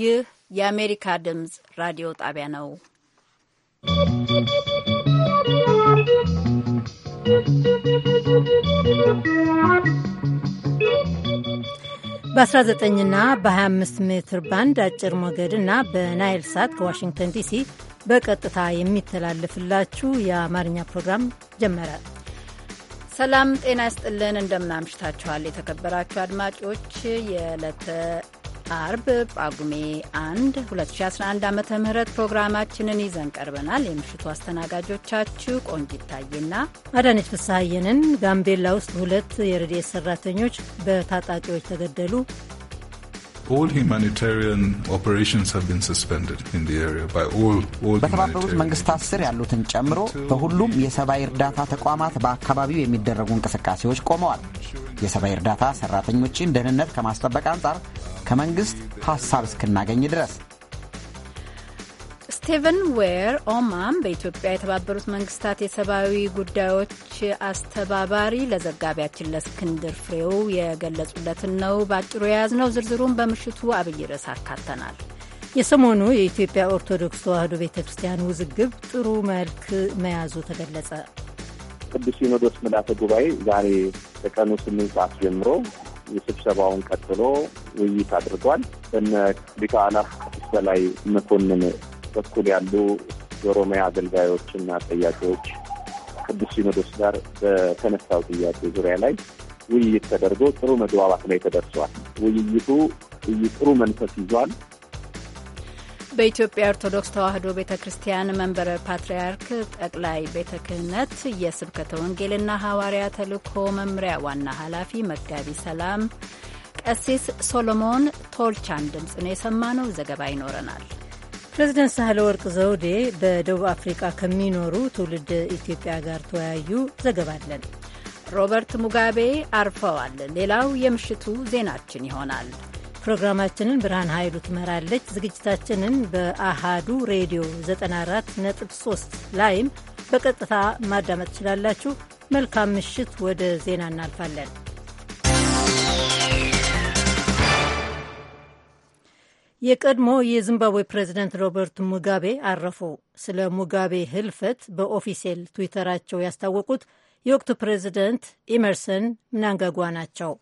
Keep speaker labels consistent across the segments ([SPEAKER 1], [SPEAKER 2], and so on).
[SPEAKER 1] ይህ የአሜሪካ ድምፅ ራዲዮ ጣቢያ ነው።
[SPEAKER 2] በ19ና በ25 ሜትር ባንድ አጭር ሞገድ እና በናይል ሳት ከዋሽንግተን ዲሲ በቀጥታ የሚተላለፍላችሁ የአማርኛ ፕሮግራም ጀመረ።
[SPEAKER 1] ሰላም ጤና ይስጥልን። እንደምናምሽታችኋል የተከበራችሁ አድማጮች የዕለተ አርብ ጳጉሜ 1 2011 ዓ ም ፕሮግራማችንን ይዘን ቀርበናል። የምሽቱ አስተናጋጆቻችሁ ቆንጅ ይታየና
[SPEAKER 2] አዳነች ፍስሐየንን። ጋምቤላ ውስጥ ሁለት የረድኤት ሰራተኞች በታጣቂዎች ተገደሉ።
[SPEAKER 3] በተባበሩት
[SPEAKER 4] መንግስታት ስር ያሉትን ጨምሮ በሁሉም የሰብአዊ እርዳታ ተቋማት በአካባቢው የሚደረጉ እንቅስቃሴዎች ቆመዋል። የሰብአዊ እርዳታ ሰራተኞችን ደህንነት ከማስጠበቅ አንጻር ከመንግስት ሀሳብ እስክናገኝ ድረስ
[SPEAKER 1] ስቴቨን ዌር ኦማም በኢትዮጵያ የተባበሩት መንግስታት የሰብአዊ ጉዳዮች አስተባባሪ ለዘጋቢያችን ለእስክንድር ፍሬው የገለጹለትን ነው በአጭሩ የያዝነው። ዝርዝሩን በምሽቱ አብይ ርዕስ አካተናል።
[SPEAKER 2] የሰሞኑ የኢትዮጵያ ኦርቶዶክስ ተዋሕዶ ቤተ ክርስቲያን ውዝግብ ጥሩ መልክ መያዙ ተገለጸ።
[SPEAKER 5] ቅዱስ ሲኖዶስ ምልዓተ ጉባኤ ዛሬ ከቀኑ ስምንት ሰዓት ጀምሮ የስብሰባውን ቀጥሎ ውይይት አድርጓል። እነ ሊቀ አእላፍ በላይ መኮንን በኩል ያሉ የኦሮሚያ አገልጋዮችና ጥያቄዎች ቅዱስ ሲኖዶስ ጋር በተነሳው ጥያቄ ዙሪያ ላይ ውይይት ተደርጎ ጥሩ መግባባት ላይ ተደርሷል። ውይይቱ ጥሩ መንፈስ ይዟል።
[SPEAKER 1] በኢትዮጵያ ኦርቶዶክስ ተዋሕዶ ቤተ ክርስቲያን መንበረ ፓትርያርክ ጠቅላይ ቤተ ክህነት የስብከተ ወንጌልና ሐዋርያ ተልእኮ መምሪያ ዋና ኃላፊ መጋቢ ሰላም ቀሲስ ሶሎሞን ቶልቻን ድምፅ ነው የሰማነው። ዘገባ ይኖረናል።
[SPEAKER 2] ፕሬዚደንት ሳህለ ወርቅ ዘውዴ በደቡብ አፍሪካ ከሚኖሩ ትውልድ ኢትዮጵያ ጋር ተወያዩ። ዘገባ አለን። ሮበርት ሙጋቤ አርፈዋል። ሌላው የምሽቱ ዜናችን ይሆናል። ፕሮግራማችንን ብርሃን ኃይሉ ትመራለች። ዝግጅታችንን በአሃዱ ሬዲዮ 94.3 ላይም በቀጥታ ማዳመጥ ትችላላችሁ። መልካም ምሽት። ወደ ዜና እናልፋለን። የቀድሞ የዚምባብዌ ፕሬዚደንት ሮበርት ሙጋቤ አረፉ። ስለ ሙጋቤ ህልፈት በኦፊሴል ትዊተራቸው ያስታወቁት የወቅቱ ፕሬዚደንት ኢመርሰን ምናንጋጓ ናቸው።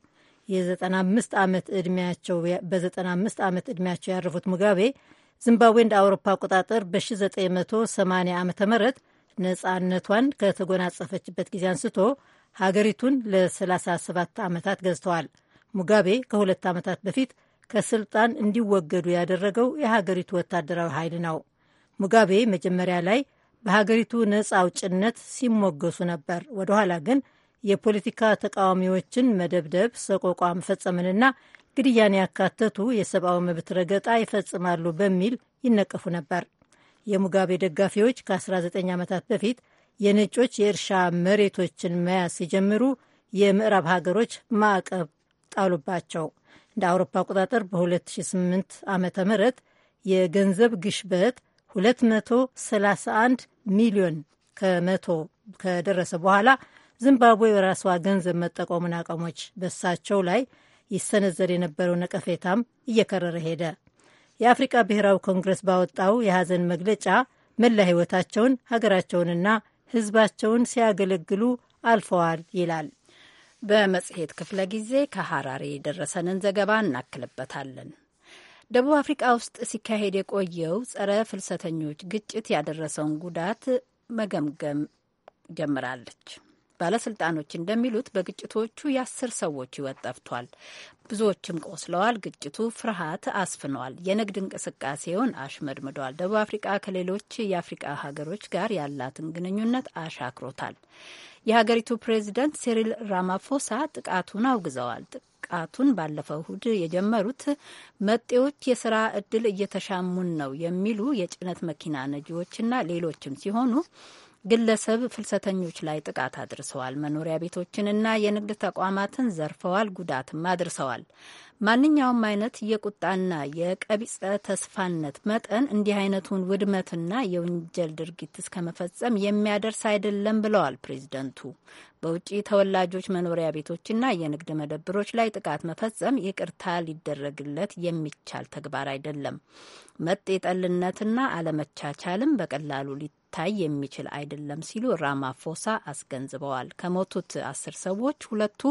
[SPEAKER 2] የ95 ዓመት ዕድሜያቸው በ95 ዓመት ዕድሜያቸው ያረፉት ሙጋቤ ዚምባብዌ እንደ አውሮፓ አቆጣጠር በ1980 ዓ ም ነፃነቷን ከተጎናጸፈችበት ጊዜ አንስቶ ሀገሪቱን ለ37 ዓመታት ገዝተዋል። ሙጋቤ ከሁለት ዓመታት በፊት ከስልጣን እንዲወገዱ ያደረገው የሀገሪቱ ወታደራዊ ኃይል ነው። ሙጋቤ መጀመሪያ ላይ በሀገሪቱ ነፃው አውጭነት ሲሞገሱ ነበር። ወደ ኋላ ግን የፖለቲካ ተቃዋሚዎችን መደብደብ፣ ሰቆቋ መፈጸምንና ግድያን ያካተቱ የሰብአዊ መብት ረገጣ ይፈጽማሉ በሚል ይነቀፉ ነበር። የሙጋቤ ደጋፊዎች ከ19 ዓመታት በፊት የነጮች የእርሻ መሬቶችን መያዝ ሲጀምሩ የምዕራብ ሀገሮች ማዕቀብ ጣሉባቸው። እንደ አውሮፓ አቆጣጠር በ2008 ዓ ም የገንዘብ ግሽበት 231 ሚሊዮን ከመቶ ከደረሰ በኋላ ዚምባብዌ በራሷ ገንዘብ መጠቆሙን አቆመች። በሳቸው ላይ ይሰነዘር የነበረው ነቀፌታም እየከረረ ሄደ። የአፍሪቃ ብሔራዊ ኮንግረስ ባወጣው የሐዘን መግለጫ መላ ሕይወታቸውን
[SPEAKER 1] ሀገራቸውንና ሕዝባቸውን ሲያገለግሉ አልፈዋል ይላል። በመጽሔት ክፍለ ጊዜ ከሐራሬ የደረሰንን ዘገባ እናክልበታለን። ደቡብ አፍሪቃ ውስጥ ሲካሄድ የቆየው ጸረ ፍልሰተኞች ግጭት ያደረሰውን ጉዳት መገምገም ጀምራለች። ባለስልጣኖች እንደሚሉት በግጭቶቹ የአስር ሰዎች ሕይወት ጠፍቷል፣ ብዙዎችም ቆስለዋል። ግጭቱ ፍርሃት አስፍኗል፣ የንግድ እንቅስቃሴውን አሽመድምዷል። ደቡብ አፍሪቃ ከሌሎች የአፍሪቃ ሀገሮች ጋር ያላትን ግንኙነት አሻክሮታል። የሀገሪቱ ፕሬዚደንት ሲሪል ራማፎሳ ጥቃቱን አውግዘዋል። ጥቃቱን ባለፈው እሁድ የጀመሩት መጤዎች የስራ እድል እየተሻሙን ነው የሚሉ የጭነት መኪና ነጂዎችና ሌሎችም ሲሆኑ ግለሰብ ፍልሰተኞች ላይ ጥቃት አድርሰዋል። መኖሪያ ቤቶችንና የንግድ ተቋማትን ዘርፈዋል፣ ጉዳትም አድርሰዋል። ማንኛውም አይነት የቁጣና የቀቢጸ ተስፋነት መጠን እንዲህ አይነቱን ውድመትና የወንጀል ድርጊት እስከ መፈጸም የሚያደርስ አይደለም ብለዋል ፕሬዚደንቱ። በውጭ ተወላጆች መኖሪያ ቤቶችና የንግድ መደብሮች ላይ ጥቃት መፈጸም ይቅርታ ሊደረግለት የሚቻል ተግባር አይደለም። መጤጠልነትና አለመቻቻልም በቀላሉ ሊ ሊታይ የሚችል አይደለም ሲሉ ራማፎሳ አስገንዝበዋል። ከሞቱት አስር ሰዎች ሁለቱ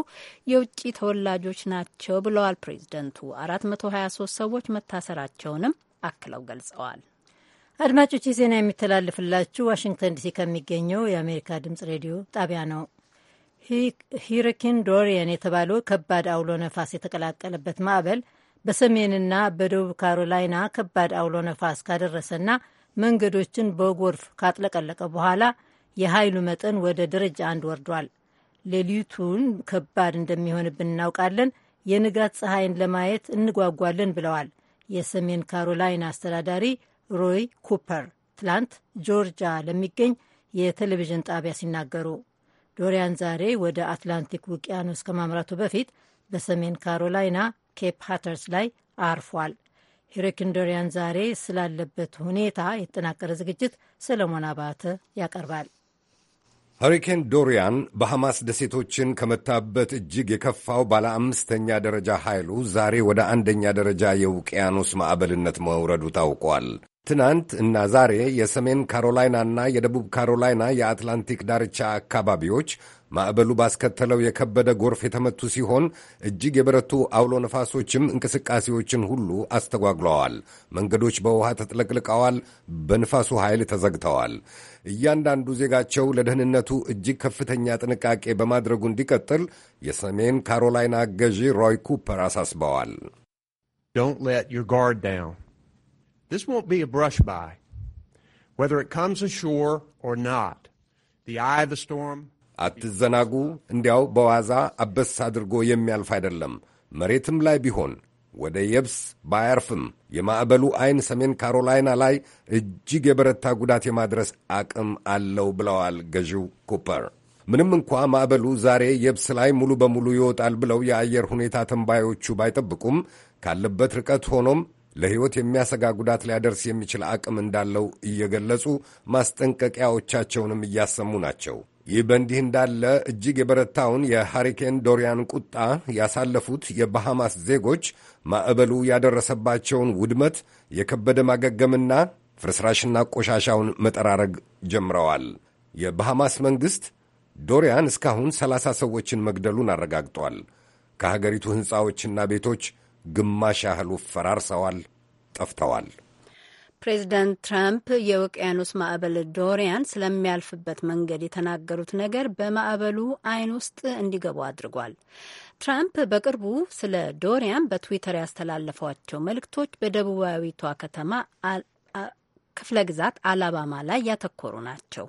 [SPEAKER 1] የውጭ ተወላጆች ናቸው ብለዋል ፕሬዝደንቱ። 423 ሰዎች መታሰራቸውንም አክለው ገልጸዋል።
[SPEAKER 2] አድማጮች ዜና የሚተላለፍላችሁ ዋሽንግተን ዲሲ ከሚገኘው የአሜሪካ ድምጽ ሬዲዮ ጣቢያ ነው። ሂሪኪን ዶሪየን የተባለው ከባድ አውሎ ነፋስ የተቀላቀለበት ማዕበል በሰሜንና በደቡብ ካሮላይና ከባድ አውሎ ነፋስ ካደረሰና መንገዶችን በጎርፍ ካጥለቀለቀ በኋላ የኃይሉ መጠን ወደ ደረጃ አንድ ወርዷል። ሌሊቱን ከባድ እንደሚሆንብን እናውቃለን። የንጋት ፀሐይን ለማየት እንጓጓለን ብለዋል የሰሜን ካሮላይና አስተዳዳሪ ሮይ ኩፐር ትላንት ጆርጂያ ለሚገኝ የቴሌቪዥን ጣቢያ ሲናገሩ። ዶሪያን ዛሬ ወደ አትላንቲክ ውቅያኖስ ከማምራቱ በፊት በሰሜን ካሮላይና ኬፕ ሃተርስ ላይ አርፏል። ዶሪያን ዛሬ ስላለበት ሁኔታ የተጠናቀረ ዝግጅት ሰለሞን አባተ ያቀርባል።
[SPEAKER 6] ሀሪኬን ዶሪያን በሐማስ ደሴቶችን ከመታበት እጅግ የከፋው ባለ አምስተኛ ደረጃ ኃይሉ ዛሬ ወደ አንደኛ ደረጃ የውቅያኖስ ማዕበልነት መውረዱ ታውቋል። ትናንት እና ዛሬ የሰሜን ካሮላይናና የደቡብ ካሮላይና የአትላንቲክ ዳርቻ አካባቢዎች ማዕበሉ ባስከተለው የከበደ ጎርፍ የተመቱ ሲሆን እጅግ የበረቱ አውሎ ነፋሶችም እንቅስቃሴዎችን ሁሉ አስተጓጉለዋል። መንገዶች በውሃ ተጥለቅልቀዋል፣ በንፋሱ ኃይል ተዘግተዋል። እያንዳንዱ ዜጋቸው ለደህንነቱ እጅግ ከፍተኛ ጥንቃቄ በማድረጉ እንዲቀጥል የሰሜን ካሮላይና ገዢ ሮይ ኩፐር አሳስበዋል። Don't let your guard down. This won't be a brush by. Whether it comes ashore or not, the eye of the storm አትዘናጉ። እንዲያው በዋዛ አበስ አድርጎ የሚያልፍ አይደለም። መሬትም ላይ ቢሆን ወደ የብስ ባያርፍም የማዕበሉ ዐይን ሰሜን ካሮላይና ላይ እጅግ የበረታ ጉዳት የማድረስ አቅም አለው ብለዋል ገዢው ኩፐር። ምንም እንኳ ማዕበሉ ዛሬ የብስ ላይ ሙሉ በሙሉ ይወጣል ብለው የአየር ሁኔታ ተንባዮቹ ባይጠብቁም ካለበት ርቀት ሆኖም ለሕይወት የሚያሰጋ ጉዳት ሊያደርስ የሚችል አቅም እንዳለው እየገለጹ ማስጠንቀቂያዎቻቸውንም እያሰሙ ናቸው። ይህ በእንዲህ እንዳለ እጅግ የበረታውን የሐሪኬን ዶሪያን ቁጣ ያሳለፉት የባሃማስ ዜጎች ማዕበሉ ያደረሰባቸውን ውድመት የከበደ ማገገምና ፍርስራሽና ቆሻሻውን መጠራረግ ጀምረዋል። የባሃማስ መንግሥት ዶሪያን እስካሁን ሰላሳ ሰዎችን መግደሉን አረጋግጧል። ከሀገሪቱ ሕንፃዎችና ቤቶች ግማሽ ያህሉ ፈራርሰዋል፣ ጠፍተዋል።
[SPEAKER 1] ፕሬዚዳንት ትራምፕ የውቅያኖስ ማዕበል ዶሪያን ስለሚያልፍበት መንገድ የተናገሩት ነገር በማዕበሉ አይን ውስጥ እንዲገቡ አድርጓል። ትራምፕ በቅርቡ ስለ ዶሪያን በትዊተር ያስተላለፏቸው መልእክቶች በደቡባዊቷ ከተማ ክፍለ ግዛት አላባማ ላይ ያተኮሩ ናቸው።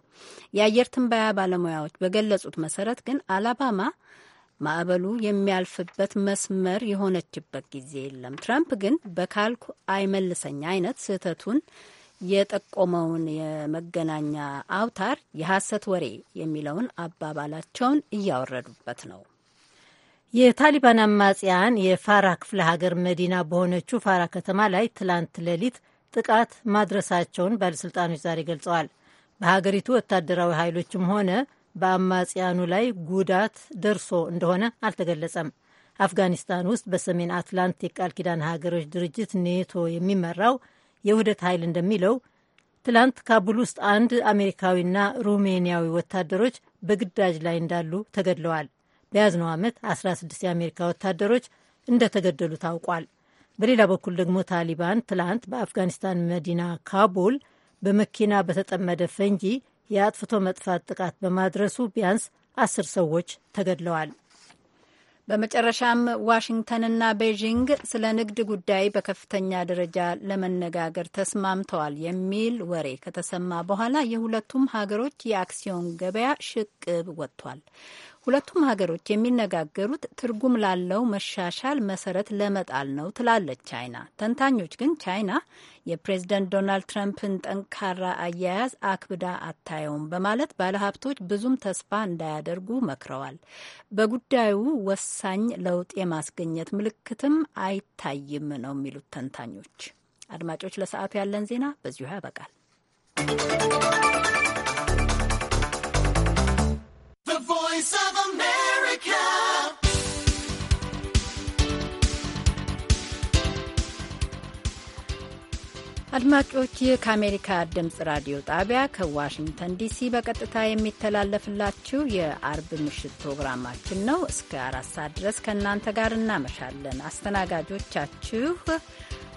[SPEAKER 1] የአየር ትንበያ ባለሙያዎች በገለጹት መሰረት ግን አላባማ ማዕበሉ የሚያልፍበት መስመር የሆነችበት ጊዜ የለም። ትራምፕ ግን በካልኩ አይመልሰኝ አይነት ስህተቱን የጠቆመውን የመገናኛ አውታር የሐሰት ወሬ የሚለውን አባባላቸውን እያወረዱበት ነው። የታሊባን አማጽያን
[SPEAKER 2] የፋራ ክፍለ ሀገር መዲና በሆነችው ፋራ ከተማ ላይ ትላንት ሌሊት ጥቃት ማድረሳቸውን ባለሥልጣኖች ዛሬ ገልጸዋል። በሀገሪቱ ወታደራዊ ኃይሎችም ሆነ በአማጽያኑ ላይ ጉዳት ደርሶ እንደሆነ አልተገለጸም። አፍጋኒስታን ውስጥ በሰሜን አትላንቲክ ቃል ኪዳን ሀገሮች ድርጅት ኔቶ የሚመራው የውህደት ኃይል እንደሚለው ትላንት ካቡል ውስጥ አንድ አሜሪካዊና ሩሜኒያዊ ወታደሮች በግዳጅ ላይ እንዳሉ ተገድለዋል። በያዝነው ዓመት 16 የአሜሪካ ወታደሮች እንደተገደሉ ታውቋል። በሌላ በኩል ደግሞ ታሊባን ትላንት በአፍጋኒስታን መዲና ካቡል በመኪና በተጠመደ ፈንጂ
[SPEAKER 1] የአጥፍቶ መጥፋት ጥቃት በማድረሱ ቢያንስ አስር ሰዎች ተገድለዋል። በመጨረሻም ዋሽንግተንና ቤዥንግ ስለ ንግድ ጉዳይ በከፍተኛ ደረጃ ለመነጋገር ተስማምተዋል የሚል ወሬ ከተሰማ በኋላ የሁለቱም ሀገሮች የአክሲዮን ገበያ ሽቅብ ወጥቷል። ሁለቱም ሀገሮች የሚነጋገሩት ትርጉም ላለው መሻሻል መሰረት ለመጣል ነው ትላለች ቻይና። ተንታኞች ግን ቻይና የፕሬዝደንት ዶናልድ ትራምፕን ጠንካራ አያያዝ አክብዳ አታየውም በማለት ባለሀብቶች ብዙም ተስፋ እንዳያደርጉ መክረዋል። በጉዳዩ ወሳኝ ለውጥ የማስገኘት ምልክትም አይታይም ነው የሚሉት ተንታኞች። አድማጮች፣ ለሰዓቱ ያለን ዜና በዚሁ ያበቃል። አድማጮች ይህ ከአሜሪካ ድምፅ ራዲዮ ጣቢያ ከዋሽንግተን ዲሲ በቀጥታ የሚተላለፍላችሁ የአርብ ምሽት ፕሮግራማችን ነው። እስከ አራት ሰዓት ድረስ ከእናንተ ጋር እናመሻለን። አስተናጋጆቻችሁ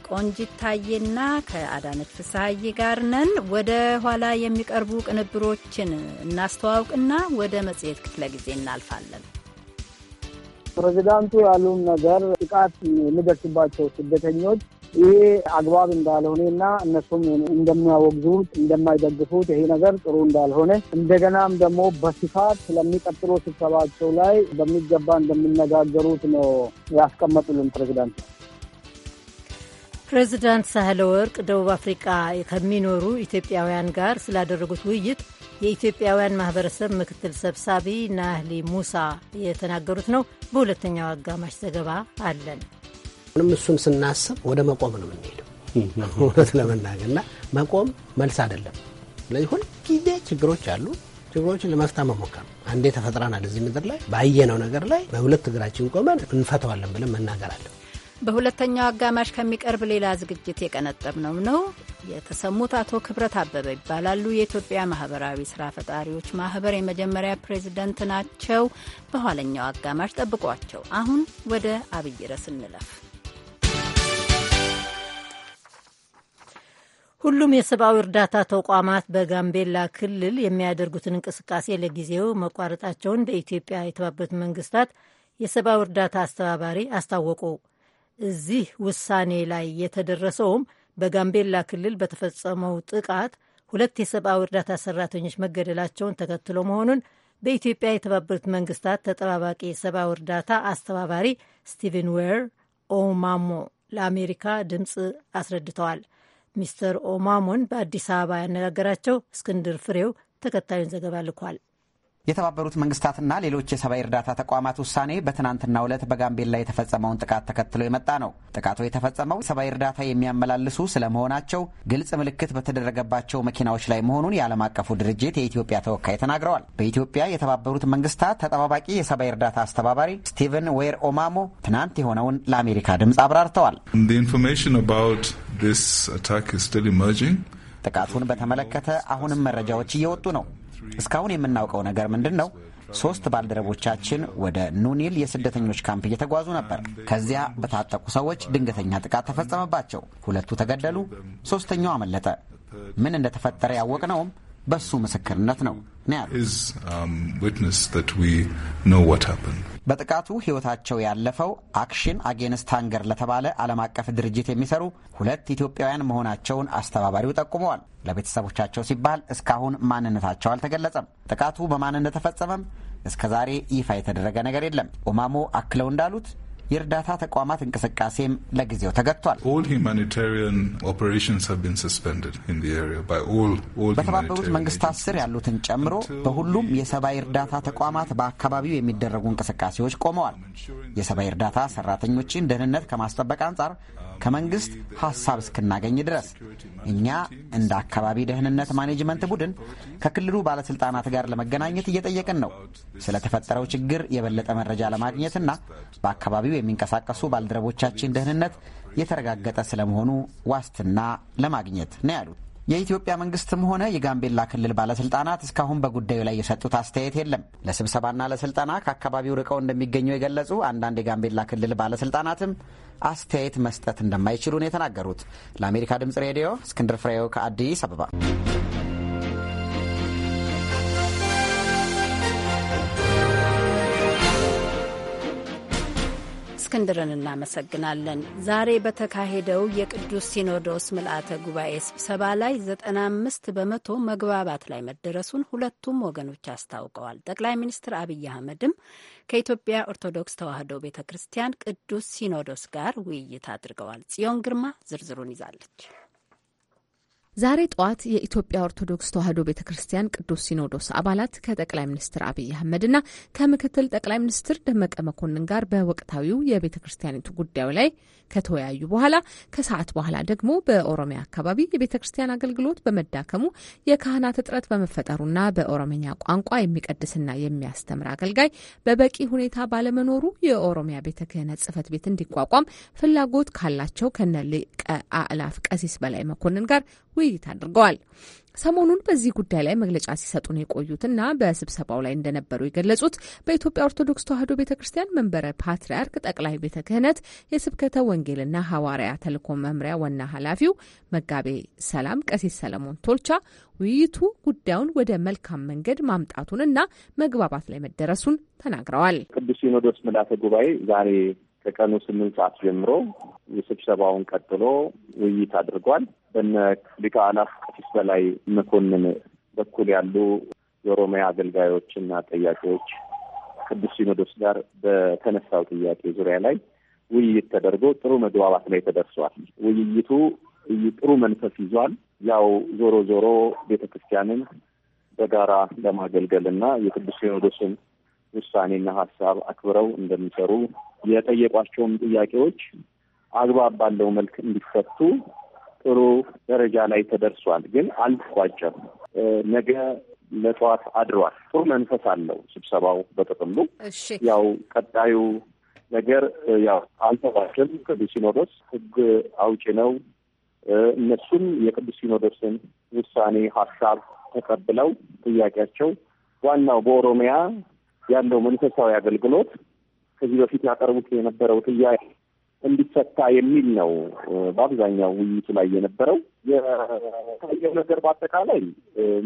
[SPEAKER 1] ቆንጂት ታዬና ከአዳነች ፍስሐዬ ጋር ነን። ወደ ኋላ የሚቀርቡ ቅንብሮችን እናስተዋውቅና ወደ መጽሔት ክፍለ ጊዜ እናልፋለን።
[SPEAKER 7] ፕሬዚዳንቱ ያሉም ነገር ጥቃት የሚደርስባቸው ስደተኞች ይሄ አግባብ እና እነሱም እንደሚያወግዙት እንደማይደግፉት ይሄ ነገር ጥሩ እንዳልሆነ እንደገናም ደግሞ በስፋት ስለሚቀጥሎ ስብሰባቸው ላይ በሚገባ እንደሚነጋገሩት ነው ያስቀመጡልን ፕሬዚዳንት።
[SPEAKER 2] ፕሬዚዳንት ሳህለ ወርቅ ደቡብ አፍሪቃ ከሚኖሩ ኢትዮጵያውያን ጋር ስላደረጉት ውይይት የኢትዮጵያውያን ማህበረሰብ ምክትል ሰብሳቢ ናህሊ ሙሳ የተናገሩት ነው። በሁለተኛው አጋማሽ ዘገባ አለን።
[SPEAKER 8] ምንም እሱን ስናስብ ወደ መቆም ነው የምንሄደው። እውነት ለመናገር መቆም መልስ አይደለም። ስለዚህ ሁልጊዜ ችግሮች አሉ። ችግሮችን ለመፍታት መሞከር ነው። አንዴ ተፈጥረናል እዚህ ምድር ላይ ባየነው ነገር ላይ በሁለት እግራችን ቆመን እንፈተዋለን ብለን መናገር አለ።
[SPEAKER 1] በሁለተኛው አጋማሽ ከሚቀርብ ሌላ ዝግጅት የቀነጠብነው ነው የተሰሙት አቶ ክብረት አበበ ይባላሉ። የኢትዮጵያ ማህበራዊ ስራ ፈጣሪዎች ማህበር የመጀመሪያ ፕሬዚደንት ናቸው። በኋለኛው አጋማሽ ጠብቋቸው። አሁን ወደ አብይ ርዕስ እንለፍ።
[SPEAKER 2] ሁሉም የሰብአዊ እርዳታ ተቋማት በጋምቤላ ክልል የሚያደርጉትን እንቅስቃሴ ለጊዜው መቋረጣቸውን በኢትዮጵያ የተባበሩት መንግስታት የሰብአዊ እርዳታ አስተባባሪ አስታወቁ። እዚህ ውሳኔ ላይ የተደረሰውም በጋምቤላ ክልል በተፈጸመው ጥቃት ሁለት የሰብአዊ እርዳታ ሰራተኞች መገደላቸውን ተከትሎ መሆኑን በኢትዮጵያ የተባበሩት መንግስታት ተጠባባቂ የሰብአዊ እርዳታ አስተባባሪ ስቲቨን ዌር ኦማሞ ለአሜሪካ ድምፅ አስረድተዋል። ሚስተር ኦማሞን በአዲስ አበባ ያነጋገራቸው እስክንድር ፍሬው ተከታዩን ዘገባ ልኳል።
[SPEAKER 4] የተባበሩት መንግስታትና ሌሎች የሰብአዊ እርዳታ ተቋማት ውሳኔ በትናንትናው ዕለት በጋምቤላ የተፈጸመውን ጥቃት ተከትሎ የመጣ ነው። ጥቃቱ የተፈጸመው ሰብአዊ እርዳታ የሚያመላልሱ ስለመሆናቸው ግልጽ ምልክት በተደረገባቸው መኪናዎች ላይ መሆኑን የዓለም አቀፉ ድርጅት የኢትዮጵያ ተወካይ ተናግረዋል። በኢትዮጵያ የተባበሩት መንግስታት ተጠባባቂ የሰብአዊ እርዳታ አስተባባሪ ስቲቨን ዌር ኦማሞ ትናንት የሆነውን ለአሜሪካ ድምፅ አብራርተዋል። ጥቃቱን በተመለከተ አሁንም መረጃዎች እየወጡ ነው። እስካሁን የምናውቀው ነገር ምንድን ነው? ሶስት ባልደረቦቻችን ወደ ኑኒል የስደተኞች ካምፕ እየተጓዙ ነበር። ከዚያ በታጠቁ ሰዎች ድንገተኛ ጥቃት ተፈጸመባቸው። ሁለቱ ተገደሉ፣ ሶስተኛው አመለጠ። ምን እንደተፈጠረ ያወቅነውም በእሱ ምስክርነት ነው
[SPEAKER 3] um,
[SPEAKER 4] በጥቃቱ ሕይወታቸው ያለፈው አክሽን አጌንስት ሃንገር ለተባለ ዓለም አቀፍ ድርጅት የሚሰሩ ሁለት ኢትዮጵያውያን መሆናቸውን አስተባባሪው ጠቁመዋል። ለቤተሰቦቻቸው ሲባል እስካሁን ማንነታቸው አልተገለጸም። ጥቃቱ በማን እንደተፈጸመም እስከ ዛሬ ይፋ የተደረገ ነገር የለም። ኦማሞ አክለው እንዳሉት የእርዳታ ተቋማት እንቅስቃሴም ለጊዜው ተገድቷል። በተባበሩት መንግስታት ስር ያሉትን ጨምሮ በሁሉም የሰብአዊ እርዳታ ተቋማት በአካባቢው የሚደረጉ እንቅስቃሴዎች ቆመዋል። የሰብአዊ እርዳታ ሰራተኞችን ደህንነት ከማስጠበቅ አንጻር ከመንግስት ሀሳብ እስክናገኝ ድረስ እኛ እንደ አካባቢ ደህንነት ማኔጅመንት ቡድን ከክልሉ ባለስልጣናት ጋር ለመገናኘት እየጠየቅን ነው። ስለተፈጠረው ችግር የበለጠ መረጃ ለማግኘትና በአካባቢው የሚንቀሳቀሱ ባልደረቦቻችን ደህንነት የተረጋገጠ ስለመሆኑ ዋስትና ለማግኘት ነው ያሉት። የኢትዮጵያ መንግስትም ሆነ የጋምቤላ ክልል ባለስልጣናት እስካሁን በጉዳዩ ላይ የሰጡት አስተያየት የለም። ለስብሰባና ለስልጠና ከአካባቢው ርቀው እንደሚገኙ የገለጹ አንዳንድ የጋምቤላ ክልል ባለስልጣናትም አስተያየት መስጠት እንደማይችሉ ነው የተናገሩት። ለአሜሪካ ድምጽ ሬዲዮ እስክንድር ፍሬው ከአዲስ አበባ
[SPEAKER 1] እስክንድርን እናመሰግናለን። ዛሬ በተካሄደው የቅዱስ ሲኖዶስ ምልአተ ጉባኤ ስብሰባ ላይ 95 በመቶ መግባባት ላይ መደረሱን ሁለቱም ወገኖች አስታውቀዋል። ጠቅላይ ሚኒስትር አብይ አህመድም ከኢትዮጵያ ኦርቶዶክስ ተዋሕዶ ቤተ ክርስቲያን ቅዱስ ሲኖዶስ ጋር ውይይት አድርገዋል። ጽዮን ግርማ ዝርዝሩን ይዛለች።
[SPEAKER 9] ዛሬ ጠዋት የኢትዮጵያ ኦርቶዶክስ ተዋሕዶ ቤተ ክርስቲያን ቅዱስ ሲኖዶስ አባላት ከጠቅላይ ሚኒስትር አብይ አህመድና ከምክትል ጠቅላይ ሚኒስትር ደመቀ መኮንን ጋር በወቅታዊው የቤተ ክርስቲያኒቱ ጉዳዩ ላይ ከተወያዩ በኋላ ከሰዓት በኋላ ደግሞ በኦሮሚያ አካባቢ የቤተ ክርስቲያን አገልግሎት በመዳከሙ የካህናት እጥረት በመፈጠሩና በኦሮምኛ ቋንቋ የሚቀድስና የሚያስተምር አገልጋይ በበቂ ሁኔታ ባለመኖሩ የኦሮሚያ ቤተ ክህነት ጽሕፈት ቤት እንዲቋቋም ፍላጎት ካላቸው ከነ ሊቀ አእላፍ ቀሲስ በላይ መኮንን ጋር ውይይት አድርገዋል። ሰሞኑን በዚህ ጉዳይ ላይ መግለጫ ሲሰጡን የቆዩትና በስብሰባው ላይ እንደነበሩ የገለጹት በኢትዮጵያ ኦርቶዶክስ ተዋሕዶ ቤተ ክርስቲያን መንበረ ፓትርያርክ ጠቅላይ ቤተ ክህነት የስብከተ ወንጌልና ሐዋርያ ተልእኮ መምሪያ ዋና ኃላፊው መጋቤ ሰላም ቀሲስ ሰለሞን ቶልቻ ውይይቱ ጉዳዩን ወደ መልካም መንገድ ማምጣቱን እና መግባባት ላይ መደረሱን ተናግረዋል።
[SPEAKER 5] ቅዱስ ሲኖዶስ ምልዓተ ጉባኤ ዛሬ ከቀኑ ስምንት ሰዓት ጀምሮ የስብሰባውን ቀጥሎ ውይይት አድርጓል። በነ ሊቀ አእላፍ ቀሲስ በላይ መኮንን በኩል ያሉ የኦሮሚያ አገልጋዮች እና ጠያቂዎች ቅዱስ ሲኖዶስ ጋር በተነሳው ጥያቄ ዙሪያ ላይ ውይይት ተደርጎ ጥሩ መግባባት ላይ ተደርሷል። ውይይቱ ጥሩ መንፈስ ይዟል። ያው ዞሮ ዞሮ ቤተ ክርስቲያንን በጋራ ለማገልገል እና የቅዱስ ሲኖዶስን ውሳኔና ሀሳብ አክብረው እንደሚሰሩ የጠየቋቸውም ጥያቄዎች አግባብ ባለው መልክ እንዲፈቱ ጥሩ ደረጃ ላይ ተደርሷል፣ ግን አልተቋጨም። ነገ ለጠዋት አድሯል። ጥሩ መንፈስ አለው ስብሰባው በጥቅሉ። ያው ቀጣዩ ነገር ያው አልተቋጨም። ቅዱስ ሲኖዶስ ህግ አውጪ ነው። እነሱም የቅዱስ ሲኖዶስን ውሳኔ ሀሳብ ተቀብለው ጥያቄያቸው ዋናው በኦሮሚያ ያለው መንፈሳዊ አገልግሎት ከዚህ በፊት ያቀርቡት የነበረው ጥያቄ እንዲፈታ የሚል ነው በአብዛኛው ውይይቱ ላይ የነበረው። የታየው ነገር በአጠቃላይ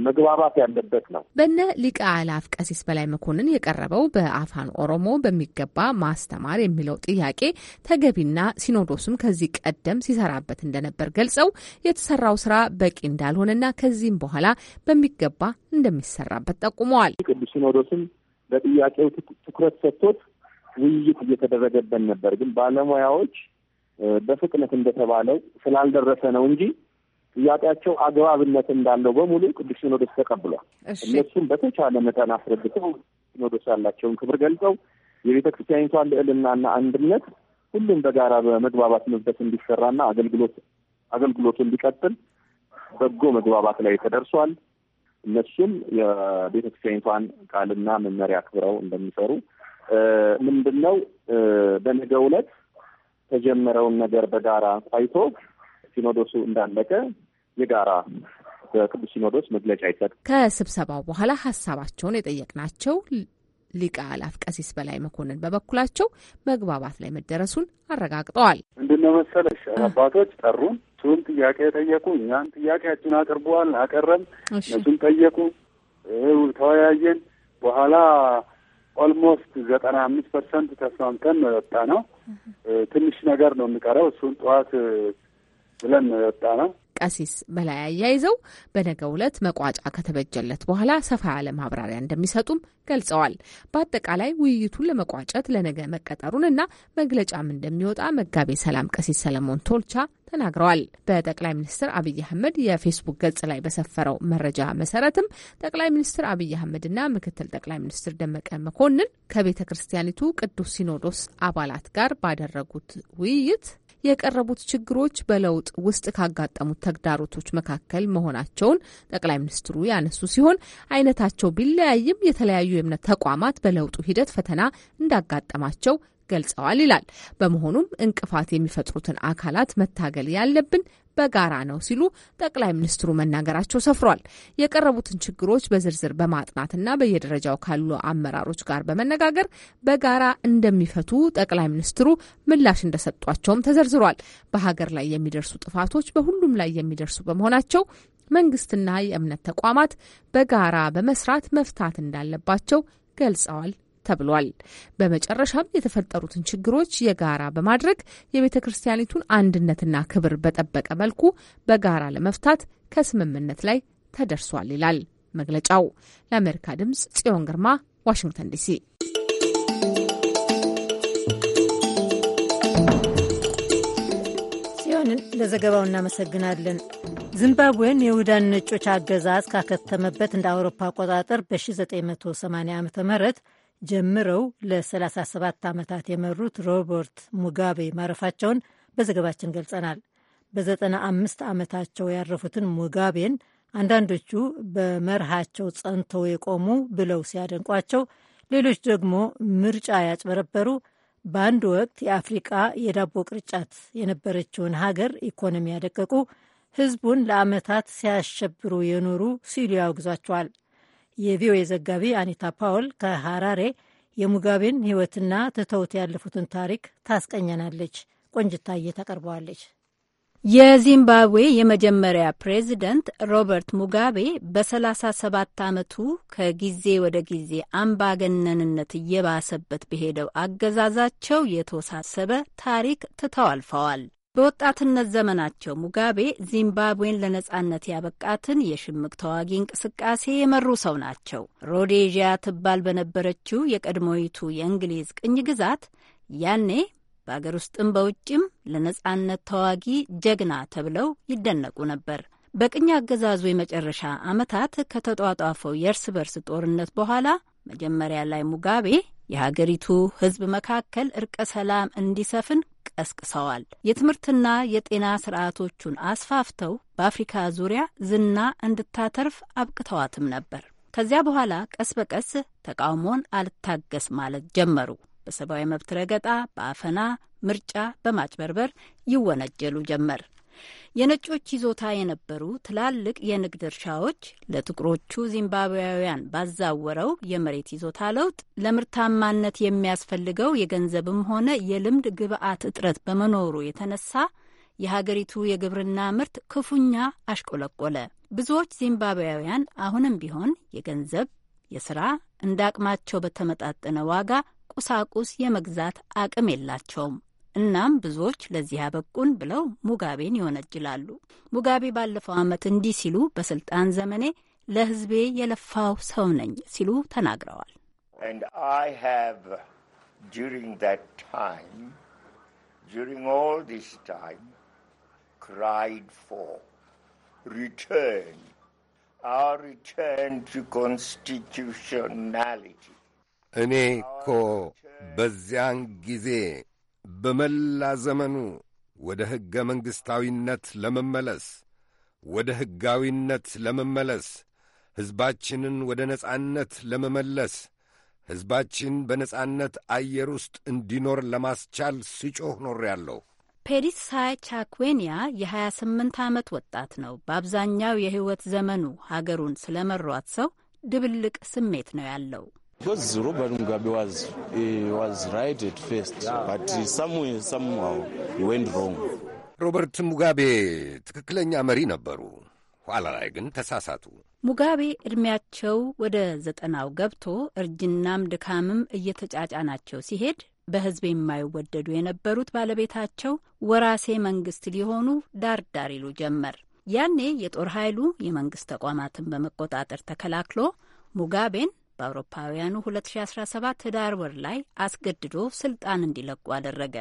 [SPEAKER 5] መግባባት ያለበት ነው።
[SPEAKER 9] በነ ሊቀ አላፍ ቀሲስ በላይ መኮንን የቀረበው በአፋን ኦሮሞ በሚገባ ማስተማር የሚለው ጥያቄ ተገቢና ሲኖዶሱም ከዚህ ቀደም ሲሰራበት እንደነበር ገልጸው የተሰራው ስራ በቂ እንዳልሆነና ከዚህም በኋላ በሚገባ እንደሚሰራበት ጠቁመዋል።
[SPEAKER 5] ቅዱስ ሲኖዶስም በጥያቄው ትኩረት ሰጥቶት ውይይት እየተደረገበት ነበር። ግን ባለሙያዎች በፍጥነት እንደተባለው ስላልደረሰ ነው እንጂ ጥያቄያቸው አግባብነት እንዳለው በሙሉ ቅዱስ ሲኖዶስ ተቀብሏል። እነሱም በተቻለ መጠን አስረድተው ሲኖዶስ ያላቸውን ክብር ገልጸው የቤተ ክርስቲያኒቷን ልዕልናና አንድነት ሁሉም በጋራ በመግባባት መንፈስ እንዲሰራና አገልግሎት አገልግሎቱ እንዲቀጥል በጎ መግባባት ላይ ተደርሷል። እነሱም የቤተ ክርስቲያኒቷን ቃልና መመሪያ አክብረው እንደሚሰሩ ምንድን ነው በነገው ዕለት ተጀመረውን ነገር በጋራ አይቶ ሲኖዶሱ እንዳለቀ የጋራ በቅዱስ ሲኖዶስ መግለጫ ይሰጥ።
[SPEAKER 9] ከስብሰባው በኋላ ሀሳባቸውን የጠየቅናቸው ሊቀ አላፍ ቀሲስ በላይ መኮንን በበኩላቸው መግባባት ላይ መደረሱን አረጋግጠዋል።
[SPEAKER 5] ምንድነው መሰለሽ አባቶች ጠሩን፣ እሱን ጥያቄ ጠየቁ፣ እኛን ጥያቄያችን አቅርበዋል፣ አቀረም፣ እሱን ጠየቁ፣ ተወያየን። በኋላ ኦልሞስት ዘጠና አምስት ፐርሰንት ተስማምተን ነው የወጣ ነው። ትንሽ ነገር ነው የሚቀረው። እሱን ጠዋት ብለን ነው የወጣ
[SPEAKER 9] ነው። ቀሲስ በላይ አያይዘው በነገው ዕለት መቋጫ ከተበጀለት በኋላ ሰፋ ያለ ማብራሪያ እንደሚሰጡም ገልጸዋል። በአጠቃላይ ውይይቱን ለመቋጨት ለነገ መቀጠሩን እና መግለጫም እንደሚወጣ መጋቤ ሰላም ቀሲስ ሰለሞን ቶልቻ ተናግረዋል። በጠቅላይ ሚኒስትር አብይ አህመድ የፌስቡክ ገጽ ላይ በሰፈረው መረጃ መሰረትም ጠቅላይ ሚኒስትር አብይ አህመድና ምክትል ጠቅላይ ሚኒስትር ደመቀ መኮንን ከቤተ ክርስቲያኒቱ ቅዱስ ሲኖዶስ አባላት ጋር ባደረጉት ውይይት የቀረቡት ችግሮች በለውጥ ውስጥ ካጋጠሙት ተግዳሮቶች መካከል መሆናቸውን ጠቅላይ ሚኒስትሩ ያነሱ ሲሆን አይነታቸው ቢለያይም የተለያዩ የእምነት ተቋማት በለውጡ ሂደት ፈተና እንዳጋጠማቸው ገልጸዋል ይላል። በመሆኑም እንቅፋት የሚፈጥሩትን አካላት መታገል ያለብን በጋራ ነው ሲሉ ጠቅላይ ሚኒስትሩ መናገራቸው ሰፍሯል። የቀረቡትን ችግሮች በዝርዝር በማጥናትና በየደረጃው ካሉ አመራሮች ጋር በመነጋገር በጋራ እንደሚፈቱ ጠቅላይ ሚኒስትሩ ምላሽ እንደሰጧቸውም ተዘርዝሯል። በሀገር ላይ የሚደርሱ ጥፋቶች በሁሉም ላይ የሚደርሱ በመሆናቸው መንግስትና የእምነት ተቋማት በጋራ በመስራት መፍታት እንዳለባቸው ገልጸዋል ተብሏል። በመጨረሻም የተፈጠሩትን ችግሮች የጋራ በማድረግ የቤተ ክርስቲያኒቱን አንድነትና ክብር በጠበቀ መልኩ በጋራ ለመፍታት ከስምምነት ላይ ተደርሷል ይላል መግለጫው። ለአሜሪካ ድምጽ ጽዮን ግርማ ዋሽንግተን ዲሲ።
[SPEAKER 2] ጽዮንን ለዘገባው እናመሰግናለን። ዚምባብዌን የውዳን ነጮች አገዛዝ ካከተመበት እንደ አውሮፓ አቆጣጠር በ1980 ዓ ም ጀምረው ለ37 ዓመታት የመሩት ሮበርት ሙጋቤ ማረፋቸውን በዘገባችን ገልጸናል። በ95 ዓመታቸው ያረፉትን ሙጋቤን አንዳንዶቹ በመርሃቸው ጸንተው የቆሙ ብለው ሲያደንቋቸው፣ ሌሎች ደግሞ ምርጫ ያጭበረበሩ፣ በአንድ ወቅት የአፍሪቃ የዳቦ ቅርጫት የነበረችውን ሀገር ኢኮኖሚ ያደቀቁ፣ ህዝቡን ለአመታት ሲያሸብሩ የኖሩ ሲሉ ያወግዟቸዋል። የቪኦኤ ዘጋቢ አኒታ ፓውል ከሃራሬ የሙጋቤን ህይወትና ትተውት ያለፉትን ታሪክ ታስቀኘናለች። ቆንጅታዬ ታቀርበዋለች።
[SPEAKER 1] የዚምባብዌ የመጀመሪያ ፕሬዚደንት ሮበርት ሙጋቤ በ37 ዓመቱ ከጊዜ ወደ ጊዜ አምባገነንነት እየባሰበት በሄደው አገዛዛቸው የተወሳሰበ ታሪክ ትተው አልፈዋል። በወጣትነት ዘመናቸው ሙጋቤ ዚምባብዌን ለነጻነት ያበቃትን የሽምቅ ተዋጊ እንቅስቃሴ የመሩ ሰው ናቸው። ሮዴዥያ ትባል በነበረችው የቀድሞይቱ የእንግሊዝ ቅኝ ግዛት ያኔ በአገር ውስጥም በውጭም ለነጻነት ተዋጊ ጀግና ተብለው ይደነቁ ነበር። በቅኝ አገዛዙ የመጨረሻ ዓመታት ከተጧጧፈው የእርስ በርስ ጦርነት በኋላ መጀመሪያ ላይ ሙጋቤ የሀገሪቱ ሕዝብ መካከል እርቀ ሰላም እንዲሰፍን ቀስቅሰዋል። የትምህርትና የጤና ስርዓቶቹን አስፋፍተው በአፍሪካ ዙሪያ ዝና እንድታተርፍ አብቅተዋትም ነበር። ከዚያ በኋላ ቀስ በቀስ ተቃውሞን አልታገስ ማለት ጀመሩ። በሰብአዊ መብት ረገጣ፣ በአፈና ምርጫ በማጭበርበር ይወነጀሉ ጀመር። የነጮች ይዞታ የነበሩ ትላልቅ የንግድ እርሻዎች ለጥቁሮቹ ዚምባብዌያውያን ባዛወረው የመሬት ይዞታ ለውጥ ለምርታማነት የሚያስፈልገው የገንዘብም ሆነ የልምድ ግብዓት እጥረት በመኖሩ የተነሳ የሀገሪቱ የግብርና ምርት ክፉኛ አሽቆለቆለ። ብዙዎች ዚምባብዌያውያን አሁንም ቢሆን የገንዘብ፣ የስራ እንደ አቅማቸው በተመጣጠነ ዋጋ ቁሳቁስ የመግዛት አቅም የላቸውም። እናም ብዙዎች ለዚህ ያበቁን ብለው ሙጋቤን ይወነጅላሉ። ሙጋቤ ባለፈው ዓመት እንዲህ ሲሉ በስልጣን ዘመኔ ለሕዝቤ የለፋው ሰው ነኝ ሲሉ ተናግረዋል።
[SPEAKER 6] እኔ እኮ በዚያን ጊዜ በመላ ዘመኑ ወደ ሕገ መንግሥታዊነት ለመመለስ ወደ ሕጋዊነት ለመመለስ ሕዝባችንን ወደ ነጻነት ለመመለስ ሕዝባችን በነጻነት አየር ውስጥ እንዲኖር ለማስቻል ኖር ኖሬያለሁ።
[SPEAKER 1] ፔሪሳ ቻኩዌንያ የ28 ዓመት ወጣት ነው። በአብዛኛው የሕይወት ዘመኑ ሀገሩን ስለመሯት ሰው ድብልቅ ስሜት ነው ያለው።
[SPEAKER 10] Because Robert Mugabe was, he was right at first, but somewhere, somehow he went wrong. ሮበርት ሙጋቤ ትክክለኛ
[SPEAKER 6] መሪ ነበሩ፣ ኋላ ላይ ግን ተሳሳቱ።
[SPEAKER 1] ሙጋቤ እድሜያቸው ወደ ዘጠናው ገብቶ እርጅናም ድካምም እየተጫጫናቸው ሲሄድ በሕዝብ የማይወደዱ የነበሩት ባለቤታቸው ወራሴ መንግስት ሊሆኑ ዳር ዳር ይሉ ጀመር። ያኔ የጦር ኃይሉ የመንግስት ተቋማትን በመቆጣጠር ተከላክሎ ሙጋቤን በአውሮፓውያኑ 2017 ህዳር ወር ላይ አስገድዶ ስልጣን እንዲለቁ አደረገ።